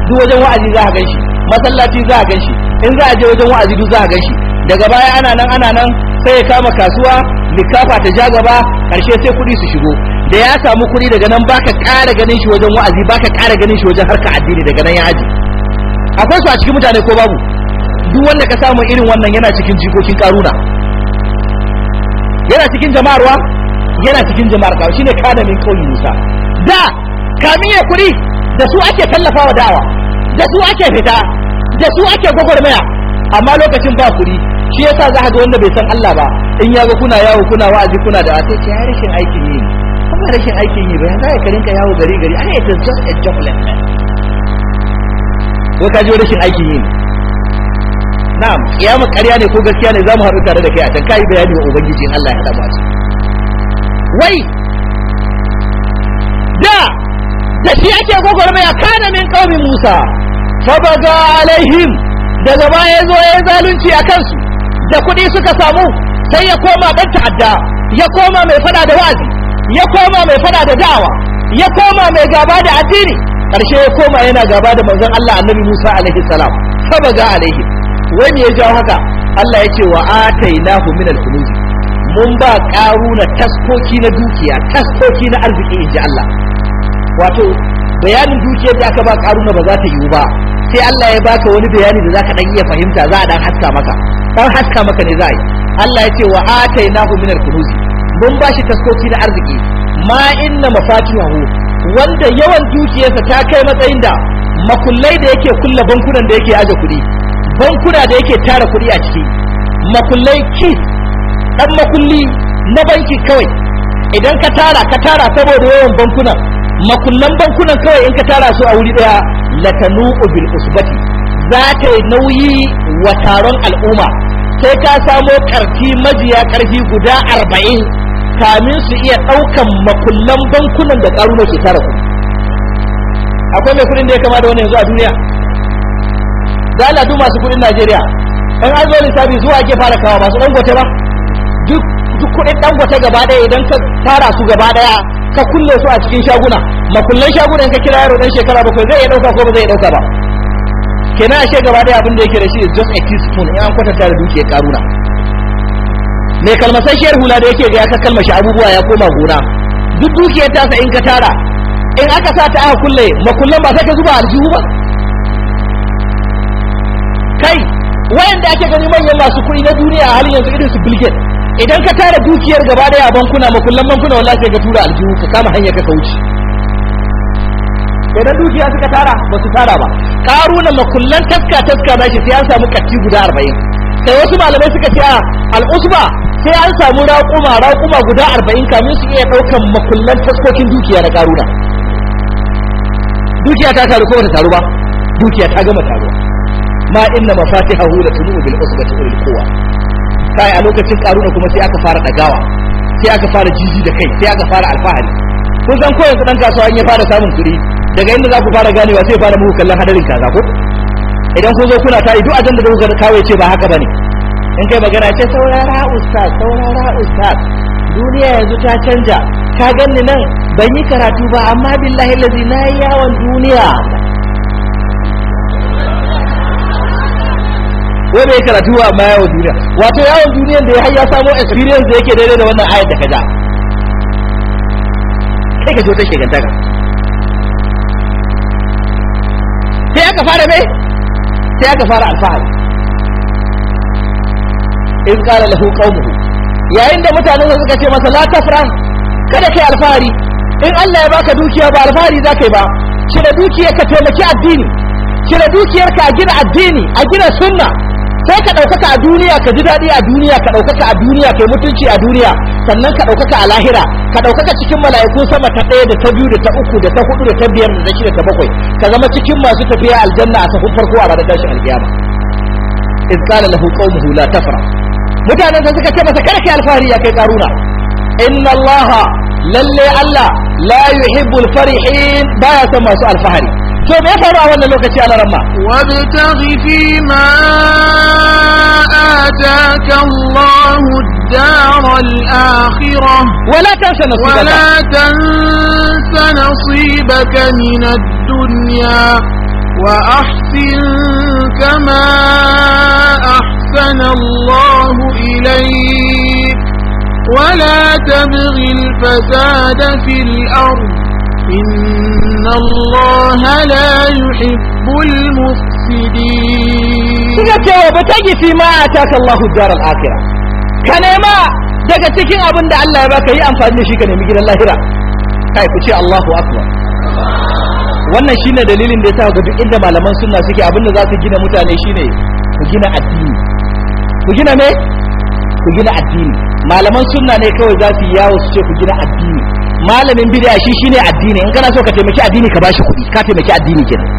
duk wajen wa'azi za a ganshi masallaci za a ganshi in za a je wajen wa'azi duk za a ganshi daga baya ana nan ana nan sai ya kama kasuwa likafa ta ja gaba karshe sai kuɗi su shigo da ya samu kuɗi daga nan baka ƙara ganin shi wajen wa'azi baka ƙara ganin shi wajen harka addini daga nan ya aji akwai su a cikin mutane ko babu duk wanda ka samu irin wannan yana cikin jikokin karuna yana cikin jama'arwa yana cikin jama'ar ka shine kada min kauyi musa da kamiye kudi da su ake tallafawa dawa da su ake fita da su ake gwagwarmaya amma lokacin ba kudi. shi yasa za ka ga wanda bai san Allah ba in ya ga kuna yawo kuna wa'azi kuna da sai ce rashin aikin yi kuma rashin aikin yi bayan za ka rinka yawo gari gari ana ita just a job like that ko ka ji rashin aikin yi na'am kiyama ƙarya ne ko gaskiya ne zamu haɗu tare da kai a can kai bayani wa ubangiji in Allah ya hada mu wai da da shi ake gogormaya kana min qaumi Musa fa baga alaihim daga baya ya zo ya zalunci a kansu da kuɗi suka samu sai ya koma ɗan ta'adda ya koma mai fada da wazi ya koma mai fada da da'awa ya koma mai gaba da addini karshe ya koma yana gaba da manzon Allah annabi Musa alaihi salam sabaga ga alaihi wani ya jawo haka Allah ya ce wa atainahu min al-kunuz mun ba karuna taskoki na dukiya taskoki na arziki inji Allah wato bayanin dukiyar da aka ba karuna ba za ta yiwu ba sai Allah ya baka wani bayani da zaka dan iya fahimta za a dan haska maka kamar haska maka ne za yi Allah ya ce wa atainahu min al-kunuz mun bashi taskoci na arziki ma inna mafatihahu wanda yawan dukiyarsa ta kai matsayin da makullai da yake kulla bankunan da yake aje kuɗi bankuna da yake tara kuɗi a ciki makullai ki dan makulli na banki kawai idan ka tara ka tara saboda yawan bankunan makullan bankunan kawai in ka tara su a wuri daya latanu bil usbati za ta yi nauyi wa taron al'umma sai ka samo karfi majiya karfi guda arba'in kamin su iya ɗaukan makullan bankunan da ƙaruna ke tara ku akwai mai kuɗin da ya kama da wani yanzu a duniya da ala duk masu kudin najeriya an an zo lissafi zuwa ake fara kawo masu ɗangote ba duk kudin ɗangote gaba ɗaya idan ka tara su gaba ɗaya ka kulle su a cikin shaguna makullan shaguna in ka kira yaro ɗan shekara bakwai zai iya ɗauka ko ba zai iya ɗauka ba kenan ashe gaba daya abin da yake da shi is just a teaspoon in an kwatanta da dukiyar karuna mai kalmasasshiyar hula da yake ga ya shi abubuwa ya koma gona duk dukiyar tasa in ka tara in aka sa ta aka kulle makullan ba sai ka zuba aljihu ba kai wayanda ake gani manyan masu kuɗi na duniya a halin yanzu irin su bilgin idan ka tara dukiyar gaba daya a bankuna makullan bankuna wallahi sai ka tura aljihu ka kama hanya ka kauce idan dukiya suka tara ba su tara ba na makullan taska taska ba shi sai an samu katti guda arba'in sai wasu malamai suka ce a al'usba sai an samu raƙuma raƙuma guda 40 kamin su iya ɗaukan makullan taskokin dukiya na karuna dukiya ta taru ko ta taru ba dukiya ta gama taru? ma inna mafatihahu la tunu bil ta ulil quwa kai a lokacin karuna kuma sai aka fara dagawa sai aka fara jiji da kai sai aka fara alfahari kun san ko yanzu dan kasuwa in ya fara samun kuɗi daga inda za ku fara ganewa sai fara muku kallon hadarin kaza ko idan ku zo kuna tayi duk ajin da kuka kawai ce ba haka bane in kai magana ce saurara ustaz saurara ustaz duniya yanzu ta canja ka ganni nan ban yi karatu ba amma billahi lazi na yi yawon duniya wanda ya karatu ba amma yawon duniya wato yawon duniyan da ya har samo experience da yake daidai da wannan ayat da kaja kai ka zo ta shiganta ka sai aka fara mai sai aka fara alfahari in qala lahu qaumuhu yayin da mutanen suka ce masa la kada kai alfahari in Allah ya baka dukiya ba alfahari za kai ba cire dukiyar ka taimaki addini cire dukiyar ka gina addini a gina sunna sai ka ɗaukaka a duniya ka ji daɗi a duniya ka ɗaukaka a duniya kai mutunci a duniya sannan ka ɗaukaka a lahira ka ɗaukaka cikin malayakun sama ta ɗaya da ta biyu da ta uku da ta hudu da ta biyar da ta shida ta bakwai ka zama cikin masu tafiya aljanna a safin farko a ranar tashin alkiyama in qala lahu qaumuhu la tafra mutanen da suka ce masa karki alfahari ya kai karuna inna allaha lalle allah la yuhibbul farihin baya son masu alfahari to me ya ba wannan lokaci a ramma wabtaghi fi ma ataka الدار الآخرة ولا تنس نصيبك ولا تنس نصيبك من الدنيا وأحسن كما أحسن الله إليك ولا تبغ الفساد في الأرض إن الله لا يحب المفسدين تجي فيما آتاك الله الدار الآخرة ka nema daga cikin abin da Allah ya baka yi amfani da shi ka nemi gidan lahira kai ku ce Allahu akbar wannan shine dalilin da yasa ga duk inda malaman sunna suke abin da za su gina mutane shine ku gina addini ku gina me ku gina addini malaman sunna ne kawai za su yawo su ce ku gina addini malamin bid'a shi shine addini in kana so ka taimaki addini ka bashi kuɗi ka taimaki addini kenan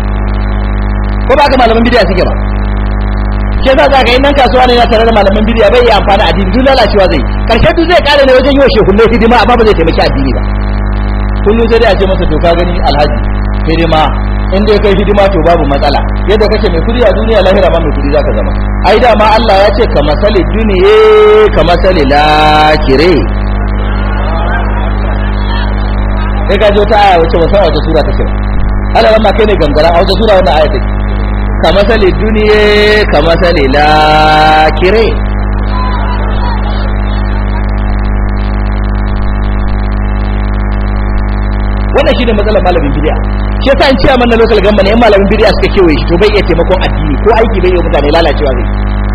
ko ba ka malaman bid'a suke ba ke za zaka yin nan kasuwa ne na tare da malaman bidiya bai yi amfani a dindin lalacewa zai karshe duk zai kare ne wajen yi wa shehunne hidima amma ba zai taimaki addini ba kullum sai dai a ce masa to ka gani alhaji hidima in dai kai hidima to babu matsala yadda kake mai kudi a duniya lahira ma mai kudi zaka zama ai da ma Allah ya ce ka masali duniye ka masali lakire kai ka jo ta aya wace ba san wace sura take Allah ran kai ne gangara a wata sura wannan aya take kamasali duniye kamasali lakire wannan shi ne matsalar malamin bidiya shi yasa an ciya mana lokal gamba ne malamin bidiya suka kewaye shi to bai iya taimakon addini ko aiki bai yi mutane lalacewa zai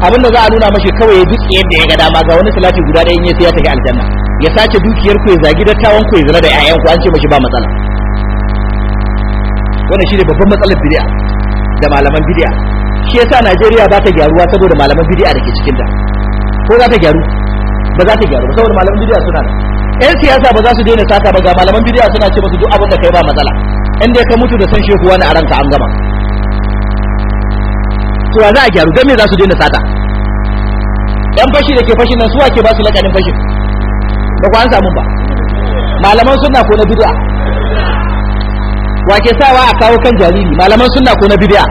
abin da za a nuna mashi kawai duk yadda ya ga dama ga wani salati guda ɗaya ne ya sai ya tafi aljanna ya sace dukiyar ku ya zagi dattawan ku ya zina da 'ya'yan ku an ce mashi ba matsala wannan shi ne babban matsalar bidiya da malaman bid'a shi yasa Najeriya ba ta gyaruwa saboda malaman bid'a da ke cikin ta ko za ta gyaru ba za ta gyaru saboda malaman bid'a suna da ƴan siyasa ba za su daina sata ba ga malaman bid'a suna ce musu duk abin da kai ba matsala in dai ka mutu da san shehu wani a ranka an gama to za a gyaru don me za su daina sata ƴan fashi da ke fashin nan su ake ba su lakanin fashin ba ku an samu ba malaman suna ko na bid'a wake sawa a kawo kan jariri malaman suna ko na bidiya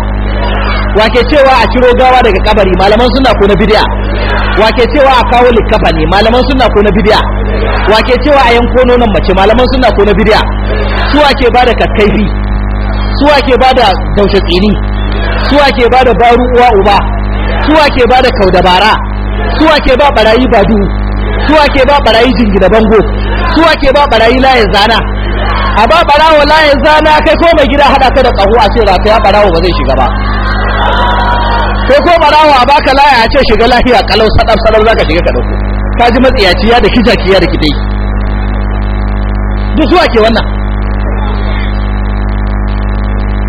wake cewa a ciro gawa daga kabari malaman suna ko na bidiya wake cewa a kawo likafa ne malaman suna ko na bidiya wake cewa a yanko nonon mace malaman suna ko na bidiya su wake da kakkaifi su wake da daushe tsini su wake da baru uwa uba su wake kau kaudabara su wake ba barayi badu su wake ba barayi jingina bango su wake ba barayi layin zana a ba barawo layin zana kai ko mai gida hada ka da ƙaho a ce ya barawo ba zai shiga ba kai ko barawo a baka laya a ce shiga lafiya kalau sadar sadar za ka shiga ka ɗauko ka ji matsiyaciya da kijakiya da kidai duk zuwa ke wannan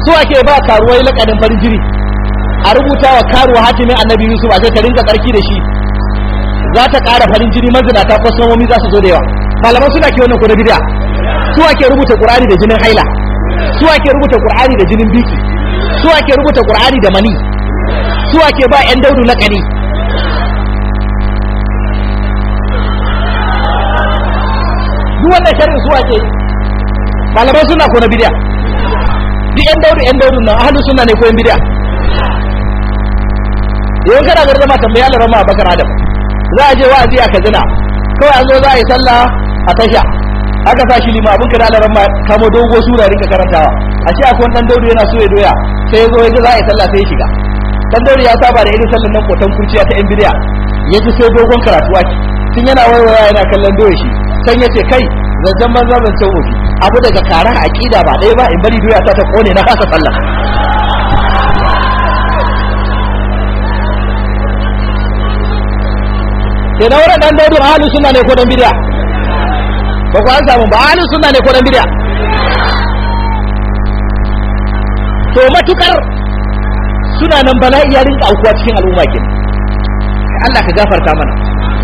suwa ke ba karuwai lakanin farin jiri a rubuta wa karuwa hatimin annabi yusuf a shekarun ta rinka tsarki da shi za ta ƙara farin jiri mazinata kwasomomi za su zo da yawa malaman suna ke wannan ko na suwa ke rubuta ƙur'ani da jinin haila suwa ke rubuta ƙur'ani da jinin biki suwa ke rubuta ƙur'ani da mani suwa ke ba yan daudu lakani duwanda sharin suwa ke malaman suna ko na bid'a duk yan daudu yan daudu nan ahalin suna ne ko yan bid'a yau kana garda ma tambaya Allah rama bakar adam za a je wa'azi a kazina kawai an zo za a yi sallah a tasha aka sa shi lima abin kada alaran ma kamo dogo sura rinka karantawa a ce akwai dan daudu yana so ya doya sai ya zo ya za a yi sallah sai ya shiga dan daudu ya saba da irin sallan nan kotan kurciya ta yan bidiya ya ji sai dogon karatu ake tun yana wayewa yana kallon doya shi san ya ce kai zancen banza zancen wofi abu daga a aƙida ba ɗaya ba in bari doya ta ta kone na kasa sallah sai na wurin dan daudu halin suna ne ko dan bidiya ba ku an samu ba ahlus suna ne ko dan bid'a to matukar suna nan bala'i ya rinka aukuwa cikin al'umma ke Allah ka gafarta mana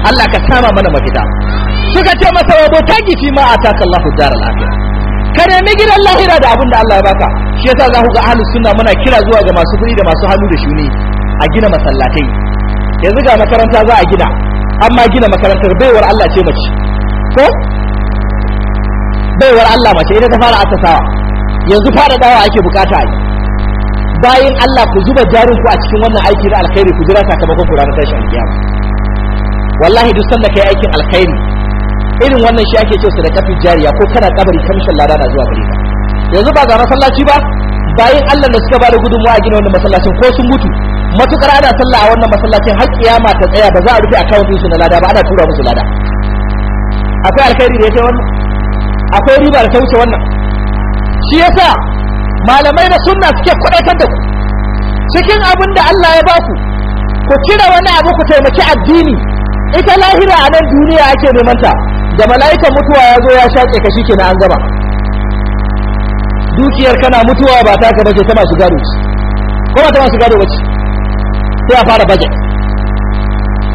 Allah ka sama mana mafita suka ce masa wa botaki fi ma ataka Allahu jara akhirah ka nemi gidan lahira da abinda Allah ya baka shi yasa za ku ga ahlus suna muna kira zuwa ga masu kuɗi da masu hannu da shuni a gina masallatai yanzu ga makaranta za a gina amma gina makarantar baiwar Allah ce mace ko baiwar Allah mace ita ta fara asasawa yanzu fara dawa ake bukata ne bayan Allah ku zuba jarin ku a cikin wannan aiki na alkhairi ku jira sakamakon ku ranar tashin alkiyama wallahi duk sanda kai aikin alkhairi irin wannan shi ake cewa kafin jariya ko kana kabari kamshin lada na zuwa gare ka yanzu ba ga masallaci ba bayan Allah da suka bada gudunmawa a gina wannan masallacin ko sun mutu matukar ana sallah a wannan masallacin har kiyama ta tsaya ba za a rufe akawun su na lada ba ana tura musu lada akwai alkhairi da ya kai wannan akwai riba da ta wuce wannan shi yasa malamai na sunna suke kudaitar da ku cikin abin da Allah ya baku ku kira wani abu ku taimaki addini ita lahira a nan duniya ake neman ta da mala'ikan mutuwa ya zo ya shaƙe ka shi kenan an gama dukiyar kana mutuwa ba ta ka bace ta masu gado ce ko ba ta masu gado bace sai a fara baje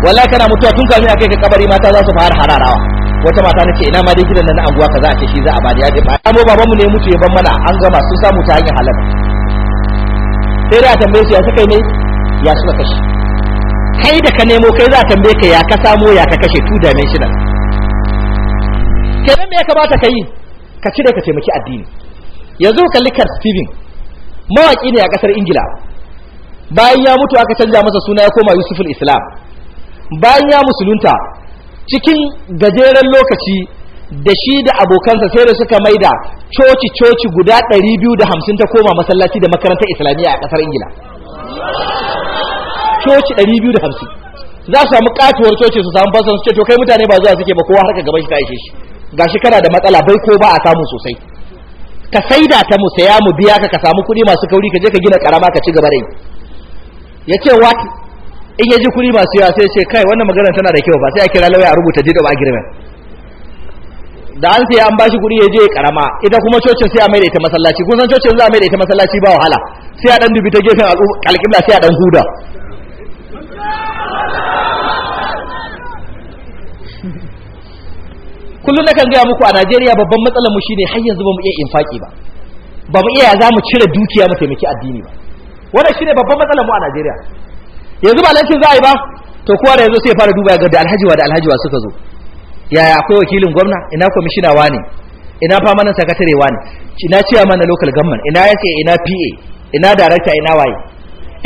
wallahi kana mutuwa tun kamin a kai ka kabari mata za su fara hararawa wata mata nace ina ma dai gidan nan ka anguwa kaza a ce shi za a bani ya ce ba babanmu ne mutu ya ban mana an gama su samu ta hanyar halal sai da tambaye su ya suka ne ya suka kashe kai da ka nemo kai za a tambaye ka ya ka samo ya ka kashe two dimensional kenan me ya kamata ka yi ka cire ka taimaki addini yanzu ka likar steven mawaki ne a kasar ingila bayan ya mutu aka canja masa suna ya koma yusuful islam bayan ya musulunta cikin gajeren lokaci da shi da abokansa sai da suka maida coci coci guda 250 ta koma masallaci da makarantar islamiyya a kasar ingila coci 250 za su samu katuwar coci su samu fasan su ce to kai mutane ba zuwa suke ba kowa harka gaban shi ta ishe shi gashi kana da matsala bai ko ba a samu sosai ka da ta mu saya mu biya ka ka samu kuɗi masu kauri ka je ka gina karama ka ci gaba da yi ya ce what in ya ji kuɗi masu yawa sai ce kai wannan maganar tana da kyau ba sai a kira lauya a rubuta deed ba agreement da an sai an bashi kuɗi ya je karama ita kuma cocin sai a mai da ita masallaci kun san cocin za a mai da ita masallaci ba wahala sai a dan dubi ta gefen alƙibla sai a dan huda kullum na kan gaya muku a najeriya babban matsalar mu shine har yanzu ba mu iya infaki ba ba mu iya za mu cire dukiya mu taimaki addini ba wannan shine babban matsalar mu a najeriya yanzu ba lancin za a yi ba to kowa da yanzu sai fara duba ga da alhajiwa da alhajiwa suka zo yaya akwai wakilin gwamna ina kwamishina ne? ina nan sakatare wa ne? ina ciya mana local government ina yace ina PA ina director ina waye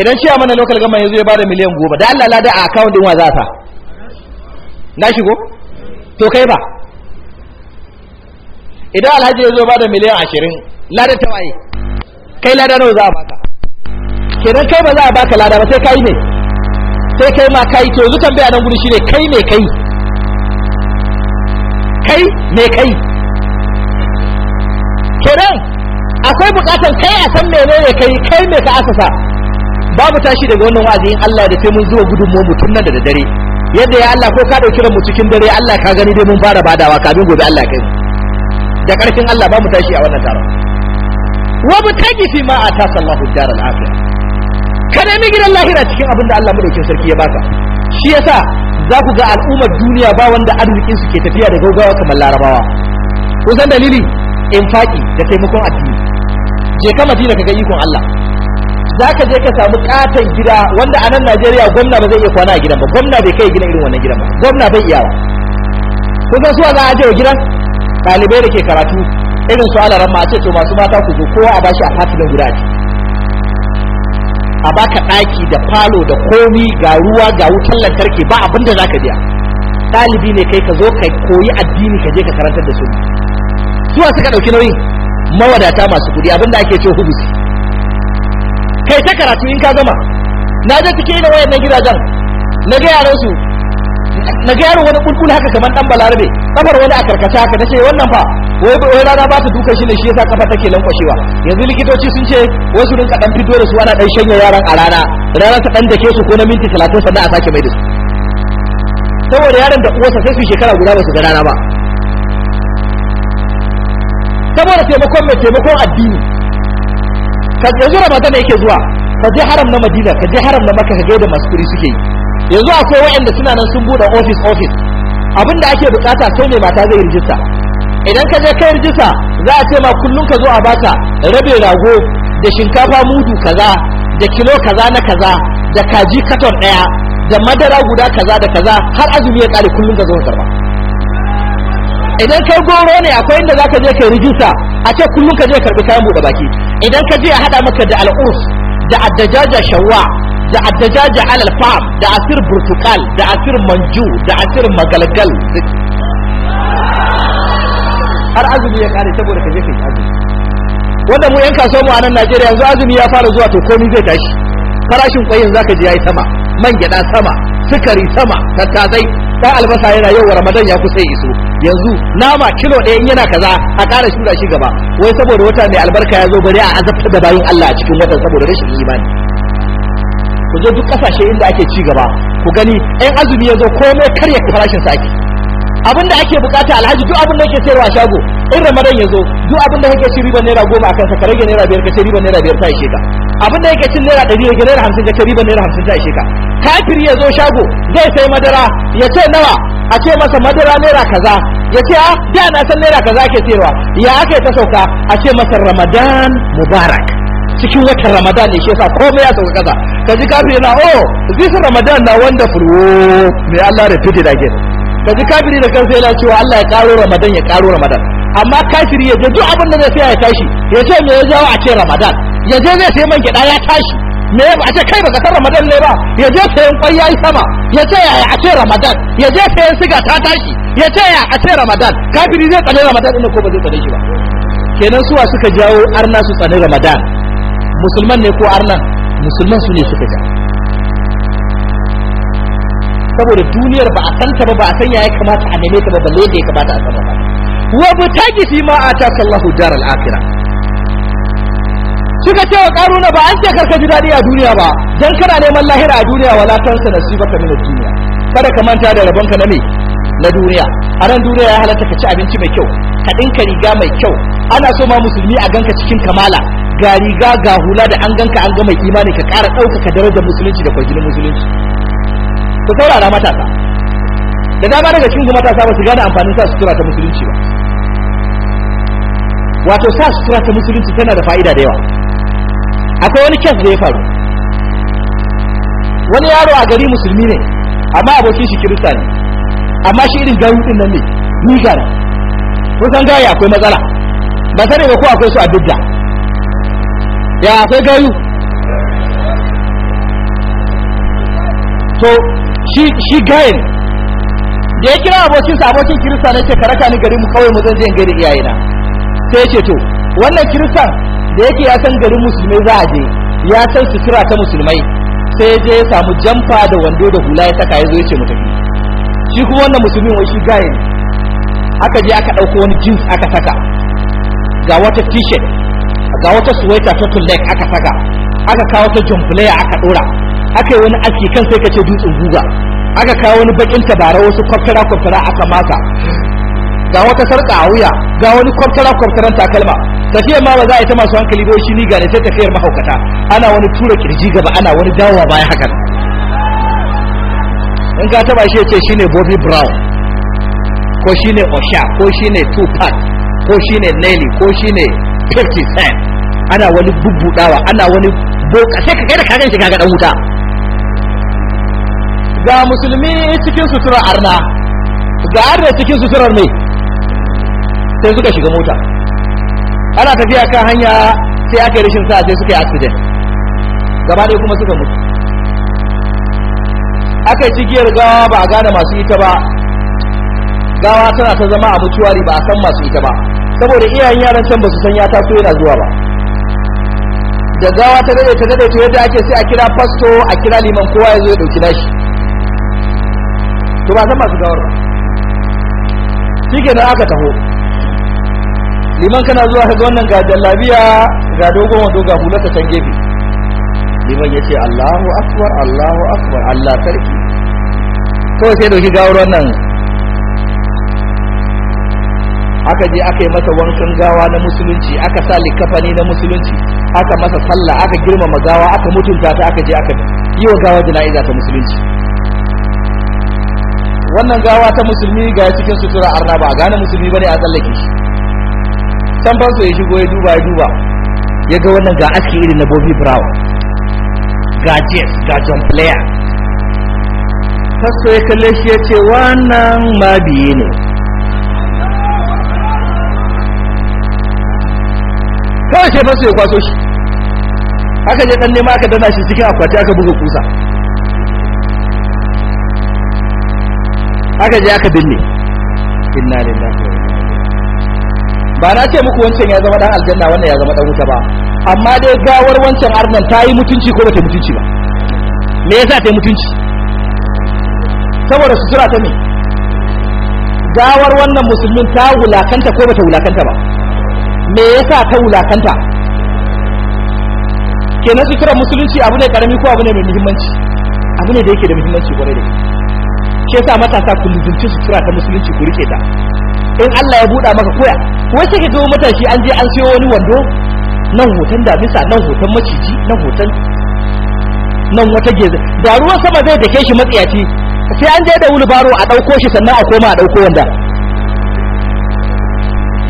idan ciya mana local government yanzu ya bada miliyan goma da Allah lada a account din wa za ta na shigo to kai ba idan alhaji ya zo bada miliyan ashirin lada ta waye kai lada nawa za a baka kenan kai ba za a baka lada ba sai kai ne sai kai ma kai to yanzu bai nan gudu shine kai me kai kai me kai to dan akwai bukatan kai a san menene kai kai me ka asasa babu tashi daga wannan wa'azi in Allah da sai mun zuwa mu mutum nan da dare yadda ya Allah ko ka dauki mu cikin dare Allah ka gani dai mun fara badawa kafin gobe Allah kai da karfin Allah ba mu tashi a wannan taron wa mutaki fi ma ata sallahu jaral akhirah ka nemi gidan lahira cikin abin da Allah madaukin sarki ya baka shi yasa za ku ga al'ummar duniya ba wanda arzikin su ke tafiya da gaugawa kamar larabawa ko san dalili infaki da taimakon addini je ka madina ka ga ikon Allah za ka je ka samu katon gida wanda a nan Najeriya gwamna ba zai iya kwana a gidan ba gwamna bai kai gidan irin wannan gidan ba gwamna bai iya ba kun san su za a je gidan ɗalibai da ke karatu irin su alaran ma a ce to masu mata ku zo kowa a bashi a fatilan guda ce a baka ɗaki da falo da komi ga ruwa ga wutar lantarki ba abin da zaka biya ɗalibi ne kai ka zo ka koyi addini ka je ka karantar da su zuwa suka ɗauki nauyin mawadata masu kuɗi da ake ce hubusi kai ta karatu in ka gama na je cikin wayar wayannan gidajen na ga yaran su na ga yaro wani kulkul haka kamar dan balarabe kafar wani a karkace haka nace wannan fa wai wai rana ba ta duka shi ne shi yasa kafa take lankwashewa yanzu likitoci sun ce wasu rinka dan fito da su ana dan shanya yaran a rana rana ta dan dake su ko na minti 30 sannan a sake mai da su saboda yaron da uwarsa sai su shekara guda ba su ga rana ba saboda taimakon mai taimakon addini ka yanzu ramadan da yake zuwa ka je haram na madina ka je haram na Makka ka ga yadda masu kuri suke yi yanzu akwai waɗanda suna nan sun buɗe office office abinda ake bukata sai ne mata zai rijista idan ka je kai rijista za a ce ma kullum ka zo a bata rabe rago da shinkafa mudu kaza da kilo kaza na kaza da kaji katon daya da madara guda kaza da kaza har azumi ya kare kullum ka zo ka karba idan kai goro ne akwai inda zaka je kai rijista a ce kullum ka je karbi kayan bude baki idan ka je a hada maka da al'urs da addajaja shawwa da addajaja alal fam da asir burtukal da asir manju da asir magalgal har azumi ya kare saboda kaje kai azumi wanda mu yan kasuwa mu a nan Najeriya yanzu azumi ya fara zuwa to komai zai tashi farashin kwai yanzu zaka ji yayi sama man gida sama sukari sama tattasai da albasa yana yau Ramadan ya kusa iso yanzu nama kilo ɗaya in yana kaza a ƙara shura shi gaba wai saboda wata mai albarka ya zo bari a azabta da bayin Allah a cikin watan saboda rashin imani ku zo duk kasashe inda ake ci gaba ku gani ɗan azumi ya zo komai karya farashin sake abin da ake bukata alhaji duk abin da yake sayarwa shago in ramadan ya zo duk abin da kake ci riba naira goma a kansa ka rage naira biyar ka ci riba naira biyar ta ishe ka abin da yake cin naira ɗari ya naira hamsin ka ci riba naira hamsin ta ishe ka kafiri ya zo shago zai sai madara ya ce nawa a ce masa madara naira kaza ya ce a ah, da na san naira kaza ake sayarwa ya ake ta sauka a ce masa ramadan mubarak cikin watan ramadan ne shi yasa komai ya sauka kaza. ka ji kafiri na oh this ramadan na wanda oh may Allah repeat it again ka ji kafiri da kansa yana cewa Allah ya karo ramadan ya karo ramadan amma kafiri ya je duk abin da zai ya tashi ya ce me ya jawo a ce ramadan ya je zai sai man gida ya tashi me ya a ce kai baka san ramadan ne ba ya je sayan kwai yayi sama ya ce ya a ce ramadan ya je sayan siga ta tashi ya ce ya a ce ramadan kafiri zai tsane ramadan inda ko ba zai tsane shi ba kenan suwa suka jawo arna su tsane ramadan musulman ne ko arnan musulman su ne suka ja saboda duniyar ba a santa ba ba a sanya ya kamata a neme ta ba balle da ya kamata a sama ba wa butaki fi ma ata sallahu daral akhirah suka ce wa karuna ba an ce karka ji dadi a duniya ba dan kana neman lahira a duniya wala tansa nasibaka min ad-dunya kada ka manta da rabonka na me na duniya a nan duniya ya halatta ka ci abinci mai kyau ka ɗinka riga mai kyau ana so ma musulmi a ganka cikin kamala ga riga ga hula da an ganka an ga mai imani ka ƙara ɗaukaka darajar musulunci da kwajinin musulunci ku saurara matasa da dama daga cikin ga matasa ba su gane amfanin sa sutura ta musulunci ba wato sa sutura ta musulunci tana da fa'ida da yawa akwai wani kyas da ya faru wani yaro a gari musulmi ne amma abokin shi kirista ne amma shi irin gayu din nan ne Ko kusan gaya akwai matsala ba sani ba ko akwai su a duk ya akwai gayu to shi gayin da ya kira abokinsa abokin kirista na ce karaka ni gari mu kawai mu zan je gari iyayena sai ce to wannan kirista da yake ya san garin musulmai za a je ya san sutura ta musulmai sai je ya samu jamfa da wando da hula ya saka ya zo ya ce mu tafi shi kuma wannan musulmin wai shi gaye ne aka je aka ɗauko wani jeans aka saka ga wata t-shirt ga wata suwaita ta leg aka saka aka kawo ta layer aka ɗora aka yi wani aski kan sai ka ce dutsen guga aka kawo wani bakin tabarau wasu kwartara kwartara aka maka ga wata sarƙa a wuya ga wani kwartara kwaftaran takalma tafiyar ma ba za a yi ta masu hankali ba shi ni ga ne sai tafiyar mahaukata ana wani tura kirji gaba ana wani dawowa bayan hakan in ka taba shi ce shine Bobby Brown ko shine Osha ko shine Tupac ko shine Nelly ko shine 50 Cent ana wani bubbudawa ana wani boka sai ka kai da kagan shi ga dan wuta ga musulmi cikin sutura arna ga arna cikin suturar mai sai suka shiga mota ana tafiya kan hanya sai aka yi rashin sa sai suka yi accident gaba ɗaya kuma suka mutu aka yi jigiyar gawa ba a gane masu ita ba gawa tana ta zama a mutuwari ba a san masu ita ba saboda iyayen yaran can ba su san ya taso yana zuwa ba da gawa ta dade ta dade to yadda ake sai a kira fasto a kira liman kowa ya zo ya dauki nashi to ba san masu gawar ba shike da aka taho liman kana zuwa ka ga wannan ga jallabiya ga dogon wando ga hular can gefe liman ya ce allahu akbar allahu akbar allah sarki kawai sai doki gawar nan aka je aka yi masa wankan gawa na musulunci aka sa likafani na musulunci aka masa sallah aka girmama gawa aka mutunta ta aka je aka yi wa gawa jana'iza ta musulunci wannan gawa ta musulmi ga cikin sutura arna ba gane musulmi bane a tsallake shi can fanso ya shigo ya duba ya duba ya ga wannan ga aski irin na bobi brown ga jes ga player fasto ya kalle shi ya ce wannan mabiye ne kawai sai fasto ya kwaso shi aka je dan nema aka dana shi cikin akwati aka buga kusa aka je aka binne inna lillahi ba na ce muku wancan ya zama dan aljanna wannan ya zama dan wuta ba amma dai gawar wancan arnan ta yi mutunci ko bata mutunci ba me yasa ta yi mutunci saboda sutura ta ne gawar wannan musulmin ta wulakanta ko bata wulakanta ba me yasa ta wulakanta kenan sutura musulunci abu ne karami ko abu ne mai muhimmanci abu ne da yake da muhimmanci kwarai da ke sa matasa ku su sutura ta musulunci ku rike ta in Allah ya buɗa maka koya wai ke ka ga matashi an je an siyo wani wando nan hoton damisa nan hoton maciji nan hoton nan wata geza da ruwan sama zai dake shi matsiyaci sai an je da wulbaro a ɗauko shi sannan a koma a ɗauko wanda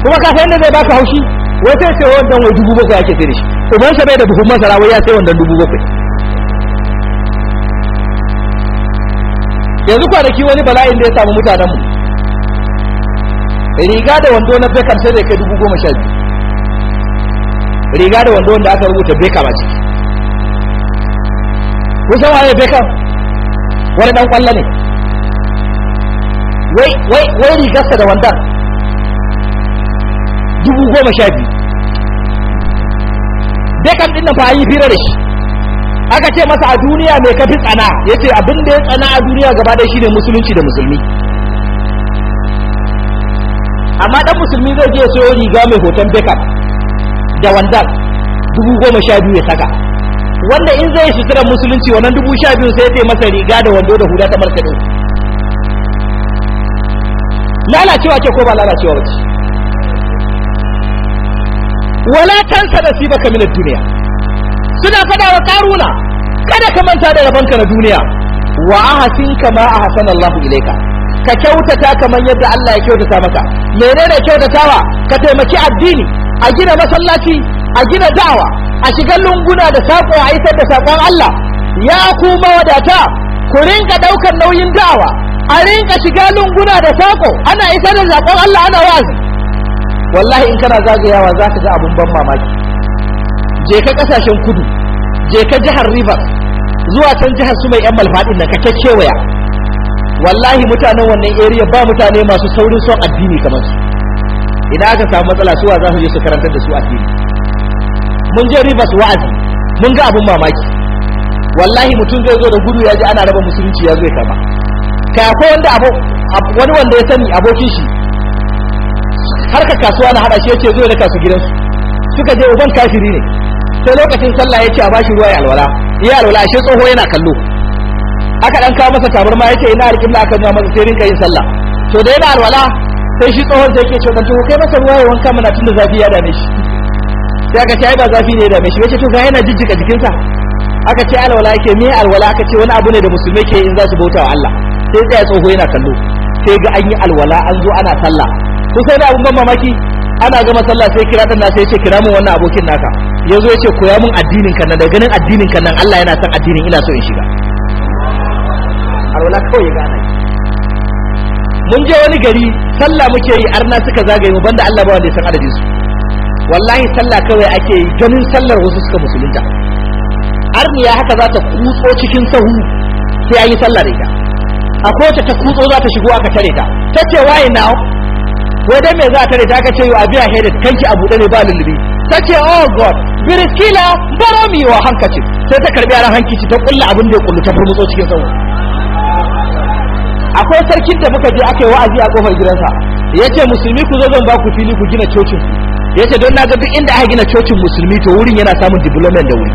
kuma ka sai zai baka haushi wai sai sai wannan wai dubu bakwai ake sai shi uban sa bai da buhun masara wai ya sai wannan dubu bakwai yanzu kwanaki wani bala'in da ya samu mutanenmu riga da wando na fekar sai da kai dubu goma sha biyu riga da wando wanda aka rubuta beka ma ciki kusan waye beka wani dan kwallo ne wai wai wai rigarsa da wandan dubu goma sha biyu bekan din nan fa yi fira da shi aka ce masa a duniya mai kafi tsana yace abin da ya tsana a duniya gaba ɗaya shine musulunci da musulmi amma dan musulmi zai je ya siyo riga mai hoton beka. da wanzan dubu goma sha biyu ya saka wanda in zai suturar musulunci wannan dubu sha biyu sai ya masa riga da wando da huda ta markaɗe lalacewa ce ko ba lalacewa ba ce wala tansa da si baka minar duniya suna fada wa karuna kada ka manta da rabanka na duniya wa ahasin kama hasan Allah ilaika ka kyautata kamar yadda Allah ya kyautata maka menene kyautatawa ka taimaki addini a gina masallaci a gina dawa a shiga lunguna da saƙo a isar da saƙon Allah ya kuma wadata ku rinka ɗaukar nauyin dawa a rinka shiga lunguna da saƙo ana isar da saƙon Allah ana wazi wallahi in kana zagayawa za ka ga abun ban mamaki je ka ƙasashen kudu je ka jihar rivers zuwa can jihar su mai yan malfaɗin nan ka ta wallahi mutanen wannan area ba mutane masu saurin son addini kamar su idan aka samu matsala suwa za su je su karantar da su a mun je rivers wa'azi mun ga abin mamaki wallahi mutum zai zo da gudu ya ji ana raba musulunci ya zo ya kama kai akwai wanda wani wanda ya sani abokin shi harkar kasuwa na hada shi ce zo da kasu gidansu suka je uban kafiri ne sai lokacin sallah ya ce a bashi ruwa ya alwala ya alwala shi tsoho yana kallo aka dan kawo masa tabarma ce ina alƙibla aka nuna masa sai rinka yin sallah to da yana alwala sai shi tsohon da yake ce kan tuhu kai masa ruwa ya wanka mana tun da zafi ya dame shi sai aka ce ai ba zafi ne ya dame shi wace to ga yana jijjiga jikinsa aka ce alwala yake me alwala aka ce wani abu ne da musulmai ke in za su bauta wa Allah sai tsaya tsoho yana kallo sai ga an yi alwala an zo ana sallah to sai da abun ban mamaki ana gama sallah sai kira dan nasa yace kira mun wannan abokin naka yazo yace koya mun addinin kan nan da ganin addinin kan nan Allah yana son addinin ina so in shiga alwala kawai ga nan mun je wani gari sallah muke yi arna suka zagaye mu banda Allah ba wanda ya san adadin su wallahi sallah kawai ake yi ganin sallar wasu suka musulunta arniya haka za ta kutso cikin sahu sai ayi sallah da ita a kowace ta kutso za ta shigo aka tare ta ta ce why now wai dai me za ta tare ta aka ce you are headed kanki a buɗe ne ba lullubi ta ce oh god biriskila baro mi wa hankaci sai ta karbi yaran hankici ta kulla abin da ya kullu ta furmutso cikin sahu akwai sarkin da muka je aka yi wa'azi a kofar gidansa ya ce musulmi ku zo zan ba ku fili ku gina cocin ya ce don na ga duk inda aka gina cocin musulmi to wurin yana samun development da wuri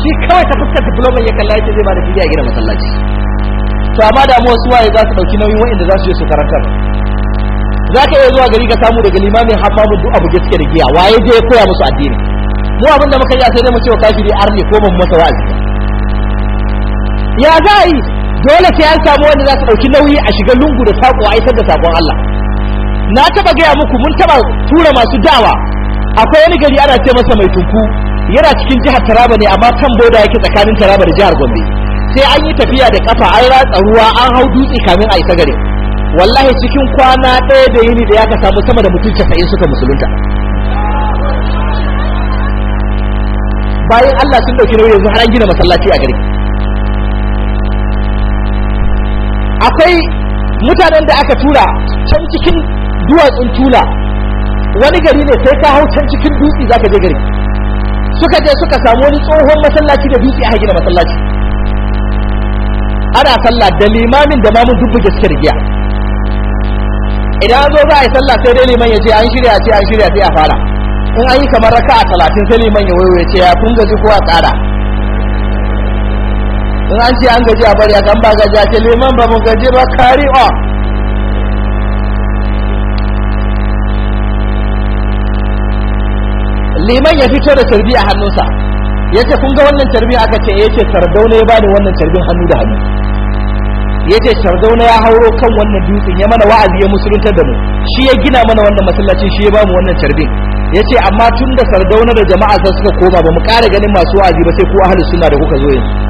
shi kawai ta fuskar ya kalla yace zai ba da fili a gina masallaci to amma da mu wasu waye za su dauki nauyin wa'anda za su je su karantar za ka iya zuwa gari ka samu daga limamin hafa mu duk abu gaske da giya waye je ya koya musu addini mu abinda muka yi sai dai mu ce wa kafiri arne ko mun masa wa'azi ya za yi dole sai an samu wanda za su ɗauki nauyi a shiga lungu da saƙo a isar da saƙon Allah na taɓa gaya muku mun taɓa tura masu dawa akwai wani gari ana ce masa mai tunku yana cikin jihar taraba ne amma kan boda yake tsakanin taraba da jihar gombe sai an yi tafiya da kafa an ratsa ruwa an hau dutse kamin a isa gari wallahi cikin kwana ɗaya da yini da ya ka samu sama da mutum casa'in suka musulunta bayan Allah sun ɗauki nauyi yanzu har an gina masallaci a gari. akwai mutanen da aka tura can cikin duwatsun tula wani gari ne sai ka hau can cikin dutse za ka je gari suka je suka samu wani tsohon masallaci da dutse aka gina masallaci ana sallah da limamin da mamun dubbu da suke rigiya idan an zo za a yi sallah sai dai liman ya ce an shirya ce an shirya sai a fara in an yi kamar raka a talatin sai liman ya waiwaye ce ya kun gaji ko a tsara in an ce an gaji a bari a kan ba gaji a ce liman ba mu gaji ba kari on liman ya fito da tarbi a hannunsa ya ce kun ga wannan tarbi aka ce eh, ya ce sardauna ya bani wannan tarbin hannu da hannu ya ce sardauna ya hauro kan wannan dutsen ya mana wa'azi ya musulunta da mu shi ya gina mana wannan masallacin shi ya bamu wannan tarbin ya ce amma tun da sardauna da jama'a suka koma ba mu ƙara ganin masu wa'azi ba sai ko ahalus suna da kuka zo yanzu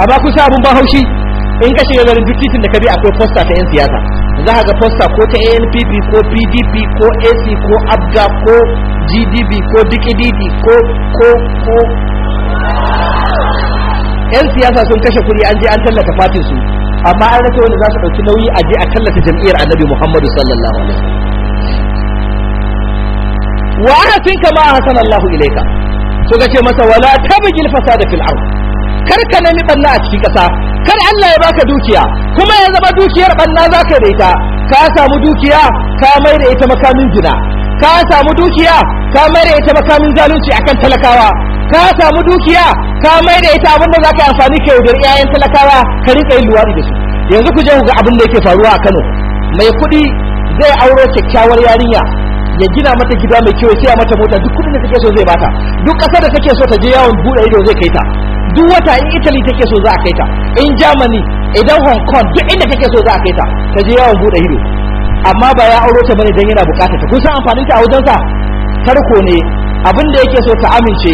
a ba kusa abun ban haushi in ka shiga garin duk titin da ka bi akwai fosta ta yan siyasa za ka ga fosta ko ta ANPP ko PDP ko AC ko ABGA ko GDB ko DKDD ko ko ko yan siyasa sun kashe kuɗi an je an tallata fatin su amma an rasa wanda za su ɗauki nauyi a je a tallata jam'iyyar annabi muhammadu sallallahu alaihi wa ahsin kama ahsana Allahu ilayka suka ce masa wala tabgil fasada da fil'aun kar ka nemi banna a cikin kasa kar Allah ya baka dukiya kuma ya zama dukiyar banna za ka da ita ka samu dukiya ka mai da ita makamin gina ka samu dukiya ka mai da ita makamin zalunci akan talakawa ka samu dukiya ka mai da ita abinda za ka yi amfani ka yaudar 'ya'yan talakawa ka rika yin luwaɗi da su yanzu ku je ku ga abin da yake faruwa a Kano mai kuɗi zai aure kyakkyawar yarinya ya gina mata gida mai kyau sai ya mata mota duk kudin da take so zai bata duk ƙasar da take so ta je yawon buɗe ido zai kai ta duk wata in italy take so za a kai ta in germany idan hong kong duk inda take so za a kai ta ta je yawon bude ido amma ba ya aure ta bane dan yana bukatar ta kusan amfanin ta a wajen sa tarko ne abin da yake so ta amince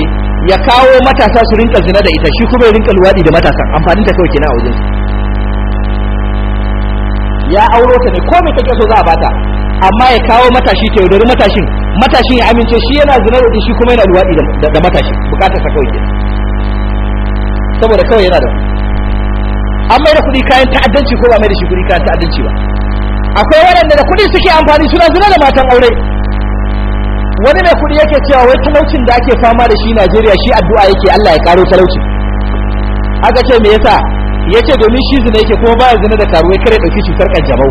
ya kawo matasa su rinka zina da ita shi kuma ya rinka luwadi da matasan amfanin ta kawai kina a wajen ya aure ta ne ko me take so za a bata amma ya kawo matashi ta yaudari matashin matashin ya amince shi yana zina da shi kuma yana luwadi da matashi bukatar ta kawai kina saboda kawai yana da wani an mai da kuɗi kayan ta'addanci ko ba mai da shi kuɗi kayan ta'addanci ba akwai waɗanda da kuɗi suke amfani suna zuna da matan aure wani mai kuɗi yake cewa wai talaucin da ake fama da shi Najeriya shi addu'a yake Allah ya karo talaucin aka ce me yasa yace domin shi zina yake kuma baya zina da karuwai kare dauki cutar kanjamau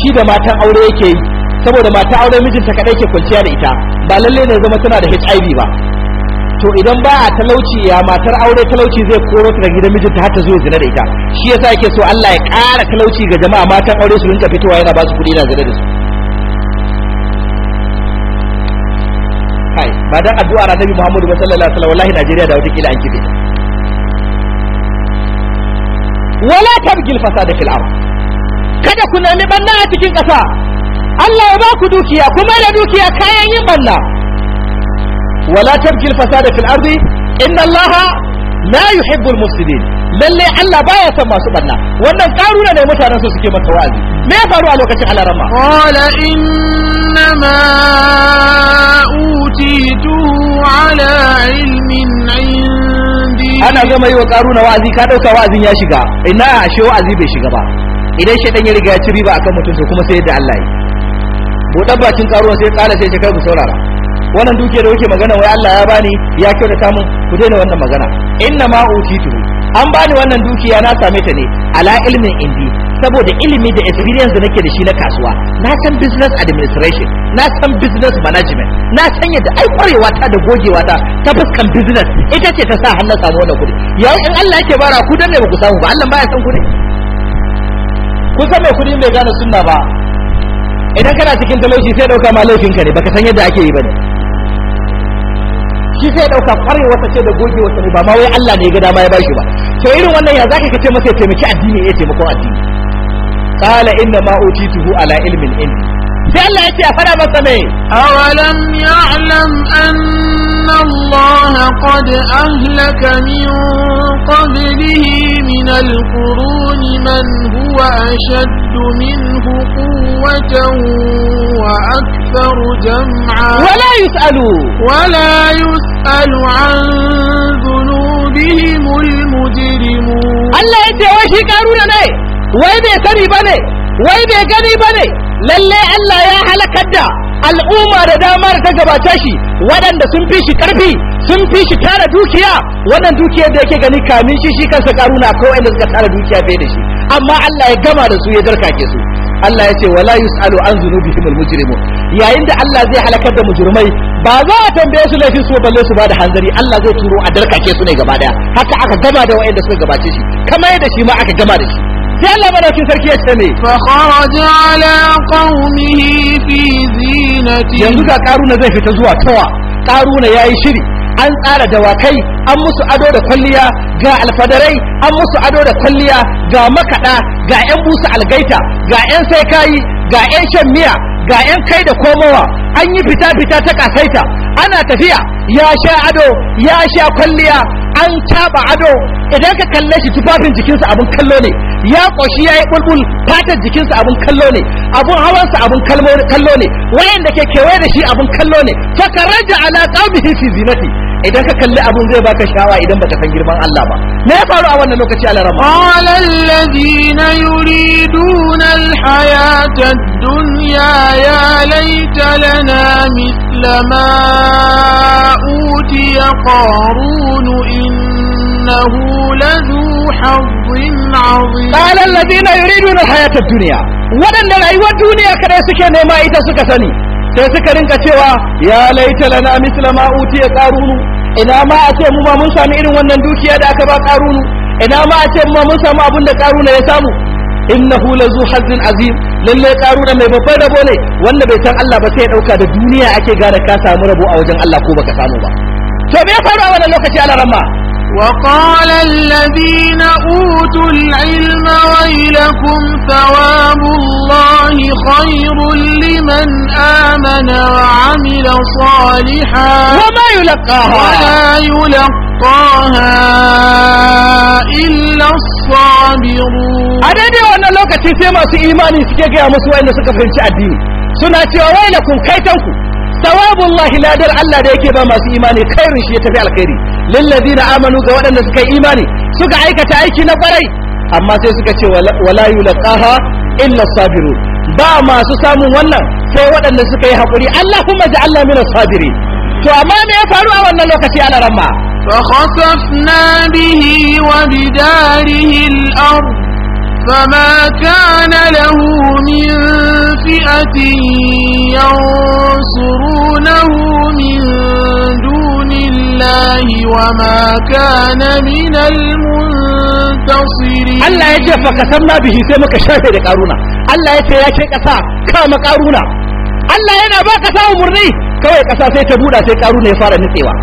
shi da matan aure yake yi saboda mata aure mijinta kadai ke kwanciya da ita ba lalle ne zama tana da HIV ba to idan ba a talauci ya matar aure talauci zai koro ta daga gidan mijinta har ta zo zina da ita shi yasa yake so Allah ya ƙara talauci ga jama'a matan aure su rinka fitowa yana ba su kuɗi na zina da su kai ba dan addu'a na Nabi Muhammad sallallahu alaihi wasallam wallahi Najeriya da wata kila an kibe wala tabgil fasada fil ard kada ku nemi banna a cikin ƙasa Allah ya ba ku dukiya kuma da dukiya kayan yin banna wala tabghi al-fasada fil ardi inna allaha la yuhibbul mufsidin lalle Allah baya son masu banna wannan karuna ne mutanen su suke masa wa'azi me ya faru a lokacin alarama qala inna ma utitu ala ilmin indi ana gama yi wa karuna wa'azi ka dauka wa'azin ya shiga ina ashe wa'azi bai shiga ba idan shedan ya riga ya ci riba akan mutum to kuma sai yadda Allah yi budan bakin karuwa sai ya kala sai ya kai mu saurara wannan dukiya da kuke magana wai Allah ya bani ya kyautata mun ku daina wannan magana inna ma utitu an bani wannan dukiya na same ta ne ala ilmin indi saboda ilimi da experience da nake da shi na kasuwa na san business administration na san business management na san yadda ai kwarewa ta da gogewa ta ta fuskan business ita ce ta sa hannun samu wannan kuɗi Yau in Allah yake bara ku danne ba ku samu ba Allah baya san kuɗi kun san mai kuɗi bai gane sunna ba idan kana cikin talauci sai dauka ma laifinka ne baka san yadda ake yi ba ne shi zai dauka kwarai wata ce da goge wata ne ba ma wai Allah ne ya ga dama ya bashi ba to irin wannan ya zaka kace masa ya taimaki addini ya taimakon addini qala inna ma utituhu ala ilmin indi sai Allah ya ce a fara masa ne awalam ya'lam anna Allah qad ahlaka min qablihi min al-qurun man huwa ashaddu minhu quwwatan وأكثر جمعا ولا يسألوا ولا يسأل عن ذنوبهم المجرمون الله يتي وشي قارون ني وين يسري بني وين يقني بني للي الله يا هلك الدار al'umma da dama da ta gabata shi waɗanda sun fi shi ƙarfi sun fi shi tara dukiya wannan dukiya da yake gani kamin shi shi kansa karuna ko wanda suka tara dukiya bai da shi amma Allah ya gama da su ya darkake su Allah ya ce wala yusalu an zunubihim almujrimun yayin da Allah zai halakar da mujrimai ba za a tambaye su laifin su balle su bada hanzari Allah zai turo a darkake su ne gaba daya haka aka gaba da wayanda suka gabace shi kamar yadda shi ma aka gaba da shi sai Allah madaukin sarki ya ce ne fa kharaja ala qaumihi fi zinati yanzu ga karuna zai fita zuwa tawa karuna yayi shiri an tsara dawakai an musu ado da kwalliya ga alfadarai an musu ado da kwalliya ga makaɗa ga 'yan busa algaita ga 'yan sai kayi ga 'yan shan miya ga 'yan kai da komowa an yi fita-fita ta kasaita ana tafiya ya sha ado ya sha kwalliya an taba ado idan ka kalle shi tufafin jikinsa abin kallo ne ya ƙoshi ya yi ɓulɓul fatar jikinsa abin kallo ne abin hawansa abin kallo ne waɗanda ke kewaye da shi abin kallo ne fakaraja ala ƙaumihi fi zinati idan ka kalli abun zai baka shawa idan baka san girman Allah ba me ya faru a wannan lokaci a larama qala alladhina yuriduna alhayata ad-dunya ya laita lana mithla ma utiya qarun innahu ladhu hazzin azim qala alladhina yuriduna alhayata ad-dunya waɗanda rayuwar duniya kada suke nema ita suka sani sai suka rinka cewa ya laita lana misla ma utiya qarunu ina ma a ce mu ma mun sami irin wannan dukiya da aka ba qarunu ina ma a ce mu ma mun samu abin da karuna ya samu innahu lazu hazin azim lalle ƙaruna mai babban rabo ne wanda bai san Allah ba sai ya dauka da duniya ake gane ka samu rabo a wajen Allah ko baka samu ba to me ya faru a wannan lokaci alaramma وقال الذين أوتوا العلم ويلكم ثواب الله خير لمن آمن وعمل صالحا وما يلقاها ولا يلقاها إلا الصابرون أنا دي وانا لوكا تسيما سي إيماني سكيكي أمسوا إلا سكفر الشعب سنة ويلكم كيتنكم tawabullahi ladar Allah da yake ba masu imani kairin shi ya tafi alkhairi na amanu ga waɗanda suka yi imani suka aikata aiki na kwarai amma sai suka ce wala yulqaha illa sabirun ba masu samun wannan sai waɗanda suka yi hakuri Allahumma ja'alna min as sabiri, to amma me ya faru a wannan lokaci a ramma fa khasafna bihi wa bidarihi al-ard فما كان له من فئة ينصرونه من دون الله وما كان من المنتصرين الله يجب فكسمنا به سيمك شافي لقارونا الله يتياكي كسا كام قارونا Allah yana baka sa umurni kawai kasa sai ta buda sai karuna ya fara nutsewa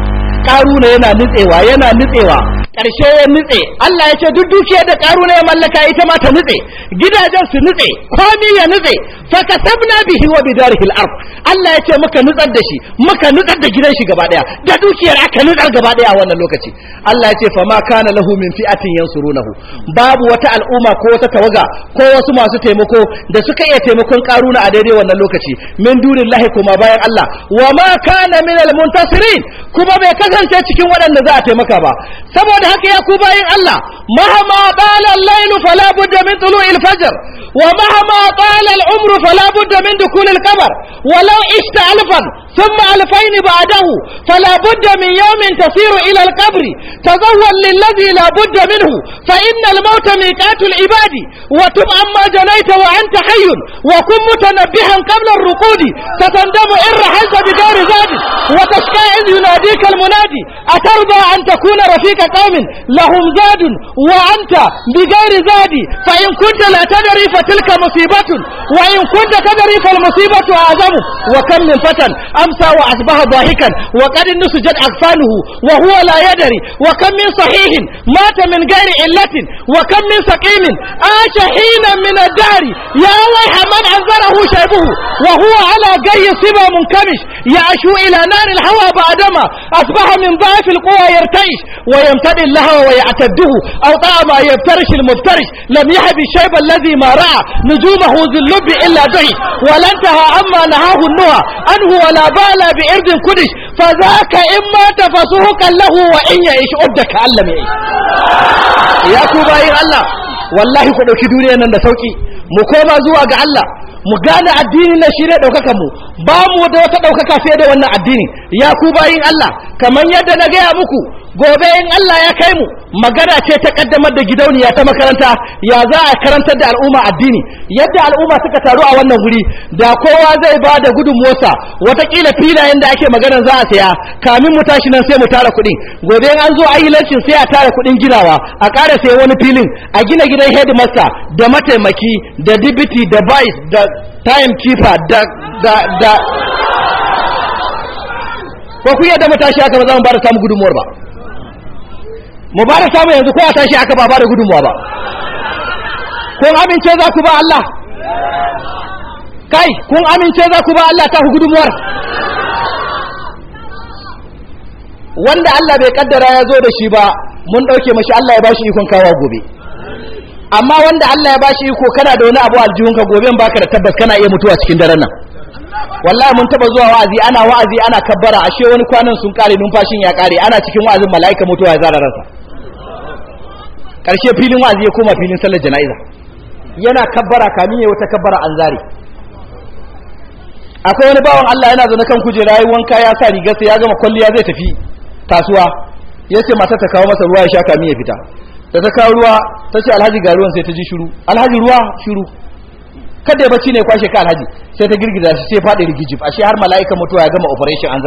karuna yana nutsewa yana nutsewa ƙarshe ya nutse Allah ya ce duk dukiyar da karuna ya mallaka ita ma ta nutse gidajen su nutse komai ya nutse fa kasabna bihi wa bidarihi al-ard Allah ya ce muka nutsar da shi muka nutsar da gidan shi gaba daya da dukiyar aka nutsar gaba daya a wannan lokaci Allah ya ce fa ma kana lahu min fi'atin yansurunahu babu wata al'umma ko wata tawaga ko wasu masu taimako da suka iya taimakon karuna a daidai wannan lokaci min dunillahi kuma bayan Allah wa ma kana min al-muntasirin kuma bai kaga kasance cikin waɗanda za a taimaka ba saboda haka ya ku bayin Allah mahama qala al-layl fala budda min tulu'il fajr wa mahama qala umru fala budda min dukhulil qabr walau ishta alfan ثم ألفين بعده فلا بد من يوم تسير إلى القبر تزول للذي لا بد منه فإن الموت ميقات العباد وتب عما جنيت وأنت حي وكن متنبها قبل الرقود ستندم إن رحلت بدار زاد وتشكى إذ يناديك المنادي أترضى أن تكون رفيق قوم لهم زاد وأنت بغير زاد فإن كنت لا تدري فتلك مصيبة وإن كنت تدري فالمصيبة أعظم وكم من فتن أمسى وأصبح ضاحكا وقد نسجت أقفاله وهو لا يدري وكم من صحيح مات من غير علة وكم من سقيم عاش حينا من الدهر يا ويح من أنذره شيبه وهو على جي صبا منكمش يعشو إلى نار الهوى بعدما أصبح من ضعف القوى يرتعش ويمتد الهوى ويعتده أو طعم يفترش المفترش لم يحب الشيب الذي ما رأى نجومه ذي اللب إلا به ولا انتهى عما نهاه النهى أنه ولا bala bi irdin kudish fa zaka in ya ishi uddaka Allah mai wallahi ku ɗauki duniya nan da sauki mu koma zuwa ga Allah mu gane addini na shi ne ɗaukakan mu ba mu da wata ɗaukaka sai da wannan addinin. ya ku bayin Allah kamar yadda na gaya muku gobe in Allah ya kai mu magana ce ta kaddamar da gidauniya ta makaranta ya za a karantar da al'umma addini yadda al'umma suka taru a wannan guri da kowa zai ba da gudunmuwarsa watakila filayen da ake magana za a saya kamin mu tashi nan sai mu tara kuɗi gobe an zo ayi lancin sai a tara kuɗin ginawa a ƙara sai wani filin a gina gidan headmaster da mataimaki da dibiti da vice da time keeper da da da ko ku yadda mu tashi haka ba za ba da samu gudunmuwar ba mu ba da samu yanzu ko a tashi aka ba ba da gudunmuwa ba kun amince za ku ba Allah kai kun amince za ku ba Allah ta gudunmuwar wanda Allah bai kaddara ya zo da shi ba mun ɗauke mashi Allah ya bashi ikon kawo gobe amma wanda Allah ya bashi iko kana da wani abu aljihun ka gobe baka da tabbas kana iya mutuwa cikin daren nan wallahi mun taba zuwa wa'azi ana wa'azi ana kabbara ashe wani kwanan sun kare numfashin ya kare ana cikin wa'azin mala'ika mutuwa ya zara rasa Karshe filin wa'azi ya koma filin sallar jana'iza yana kabbara kami ya wata kabbara an zare akwai wani bawan Allah yana zaune kan kujera yayi wanka ya sa riga sai ya gama kwalliya zai tafi kasuwa ya ce mata ta kawo masa ruwa ya sha kami ya fita da ta kawo ruwa ta ce alhaji ga ruwan sai ta ji shiru alhaji ruwa shiru kada ya bacci ne kwashe ka alhaji sai ta girgiza shi sai faɗi rigijib ashe har malaikan mutuwa ya gama operation an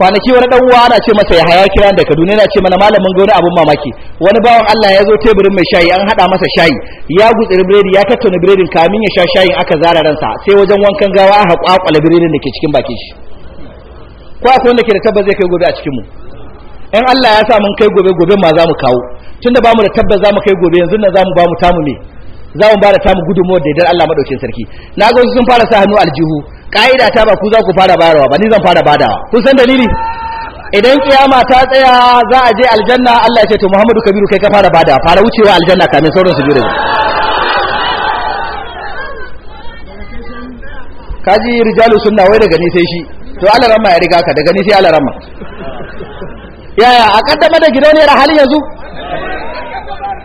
kwanaki wani dan uwa ana ce masa ya haya kiran da Kaduna yana ce mana malamin ga wani abun mamaki wani bawan Allah ya zo teburin mai shayi an hada masa shayi ya gutsiri biredi ya tattauna biredin kamin ya sha shayin aka zara ransa sai wajen wankan gawa aka kwakwala biredin da ke cikin bakin shi ko akwai wanda ke da tabbas zai kai gobe a cikin mu in Allah ya sa mun kai gobe gobe ma za mu kawo tunda bamu da tabbas za mu kai gobe yanzu nan za mu ba tamu ne za mu ba da tamu gudunmuwar da idan Allah madaukin sarki na ga sun fara sa hannu aljihu ka'ida ta ba ku za ku fara bayarwa ba ni zan fara badawa kun san dalili idan kiyama ta tsaya za a je aljanna Allah ya ce to Muhammadu Kabiru kai ka fara bada fara wucewa aljanna kamin sauran su jure kaji rijalu sunna wai daga ni sai shi to Allah ramma ya riga ka daga ni sai Allah ramma yaya a kaddama da gidan halin yanzu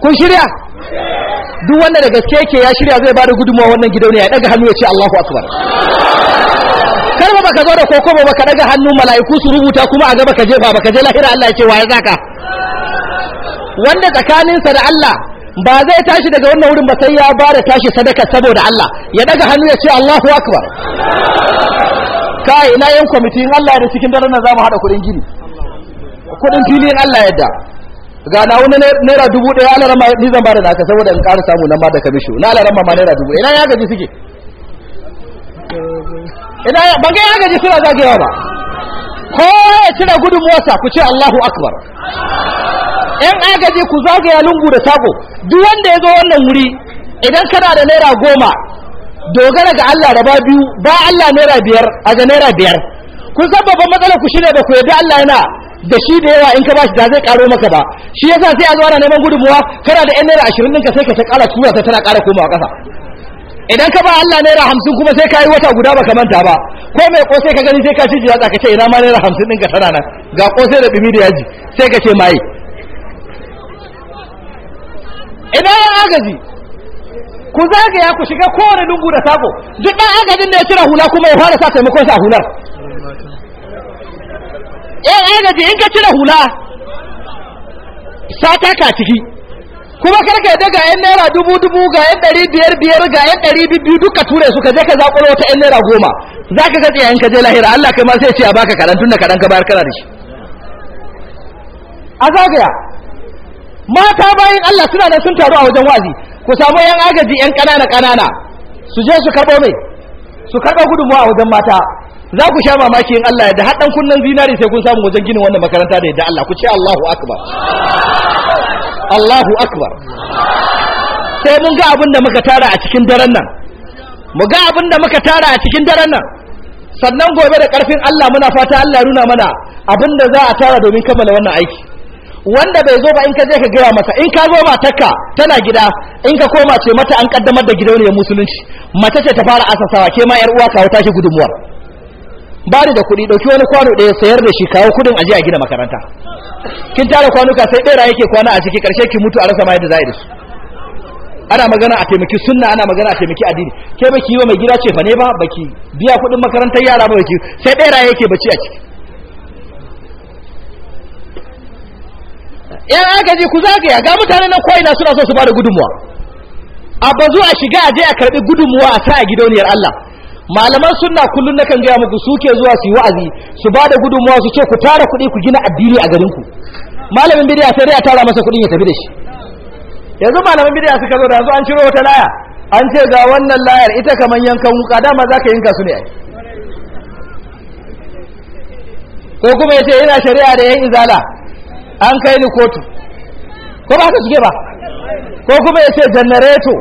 kun shirya duk wanda da gaske yake ya shirya zai bada gudunmawa wannan gidauniya ya daga hannu ya ce Allahu akbar kar ba ka zo da koko ba ka daga hannu mala'iku su rubuta kuma a gaba ka jefa ba ka je lahira Allah ya ce waye zaka wanda tsakaninsa da Allah ba zai tashi daga wannan wurin ba sai ya ba da tashi sadaka saboda Allah ya daga hannu ya ce Allahu akbar kai ina yan kwamitin Allah da cikin daren nan zamu hada kudin gini kudin filin Allah yadda ga na wani naira dubu ɗaya ala rama ni zan bada naka saboda in ƙara samu nan ma da kamisho na ala rama ma naira dubu ina ya gaji suke ina ya ban ga ya gaji suna zagewa ba kowa ya cire gudunmuwarsa ku ce Allahu Akbar yan agaji ku zagaya lungu da sako duk wanda ya zo wannan wuri idan kana da naira goma dogara ga Allah da ba biyu ba Allah naira biyar a ga naira biyar kun san babban matsalar ku shine da ku yadda Allah yana da shi da yawa in ka bashi da zai karo maka ba shi yasa sai a zo ana neman gudunmuwa kana da yan naira ashirin ɗinka sai ka ta ƙara tura ta tana ƙara komawa ƙasa idan ka ba Allah naira hamsin kuma sai ka yi wata guda baka manta ba ko mai sai ka gani sai ka ci jiya ka ce ina ma naira hamsin ɗinka tana nan ga sai da ɗumi da yaji sai ka ce mai ina yan agaji ku zagaya ku shiga kowane lungu da sako duk ɗan agajin da ya cire hula kuma ya fara sa taimakon sa hular eh eh gaje in ka cire hula sata ka ciki kuma karka ka ga yan naira dubu dubu ga yan ɗari biyar biyar ga yan ɗari biyu duka ture su ka je ka zaƙulo wata yan naira goma za ka ga tsayayen ka je lahira Allah kai ma sai ce a baka kaɗan tun da kaɗan ka bayar kana da shi a zagaya mata bayan Allah suna nan sun taru a wajen wazi ku samu yan agaji yan ƙanana ƙanana su je su karɓo mai su karɓa gudunmawa a wajen mata za ku sha mamaki in Allah yadda haɗan kunnen zinari sai kun samu wajen ginin wannan makaranta da yadda Allah ku ce Allahu akbar Allahu akbar sai mun ga abin da muka tara a cikin daren nan mu ga abin da muka tara a cikin daren nan sannan gobe da ƙarfin Allah muna fata Allah ya nuna mana abin da za a tara domin kammala wannan aiki wanda bai zo ba in ka je ka gaya masa in ka zo takka tana gida in ka koma ce mata an kaddamar da gidauniyar musulunci mace ce ta fara asasawa ke ma yar uwa kawo tashi gudunmuwar ba da kuɗi ɗauki wani kwano ɗaya sayar da shi kawo kuɗin aje a gina makaranta kin tara kwanuka sai ɗera yake kwana a ciki ƙarshe ki mutu a rasa mai da da su ana magana a taimaki sunna ana magana a taimaki addini ke baki yi wa mai gida ce fa ne ba baki biya kuɗin makarantar yara ba baki sai ɗera yake baci a ciki yan agaji ku zagaya ga mutane na ko'ina suna so su ba da gudunmuwa a bazu a shiga a je a karbi gudunmuwa a sa a gidauniyar Allah malaman sunna kullun nakan gaya muku suke zuwa su yi wa'azi su ba da gudunmuwa su ce ku tara kuɗi ku gina addini a garin ku. malamin bidiya sai dai a tara masa kuɗin ya tafi da shi yanzu malamin bidiya suka zo da yanzu an ciro wata laya an ce ga wannan layar ita kamar yankan wuka dama za ka yanka su ne ai ko kuma ya ce yana shari'a da yan izala an kai ni kotu ko ba ka shige ba ko kuma ya ce janareto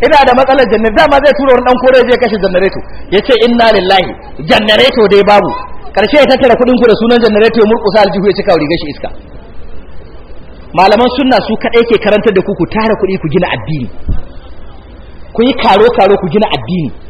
ina da matsalar janareto dama zai tura wani dan kore zai kashe janareto ya ce inna lillahi janareto dai babu karshe ya tattara kudin ku da sunan janareto ya murkusa aljihu ya cika rigar shi iska malaman sunna su kaɗai ke karantar da ku ku tara kuɗi ku gina addini ku yi karo karo ku gina addini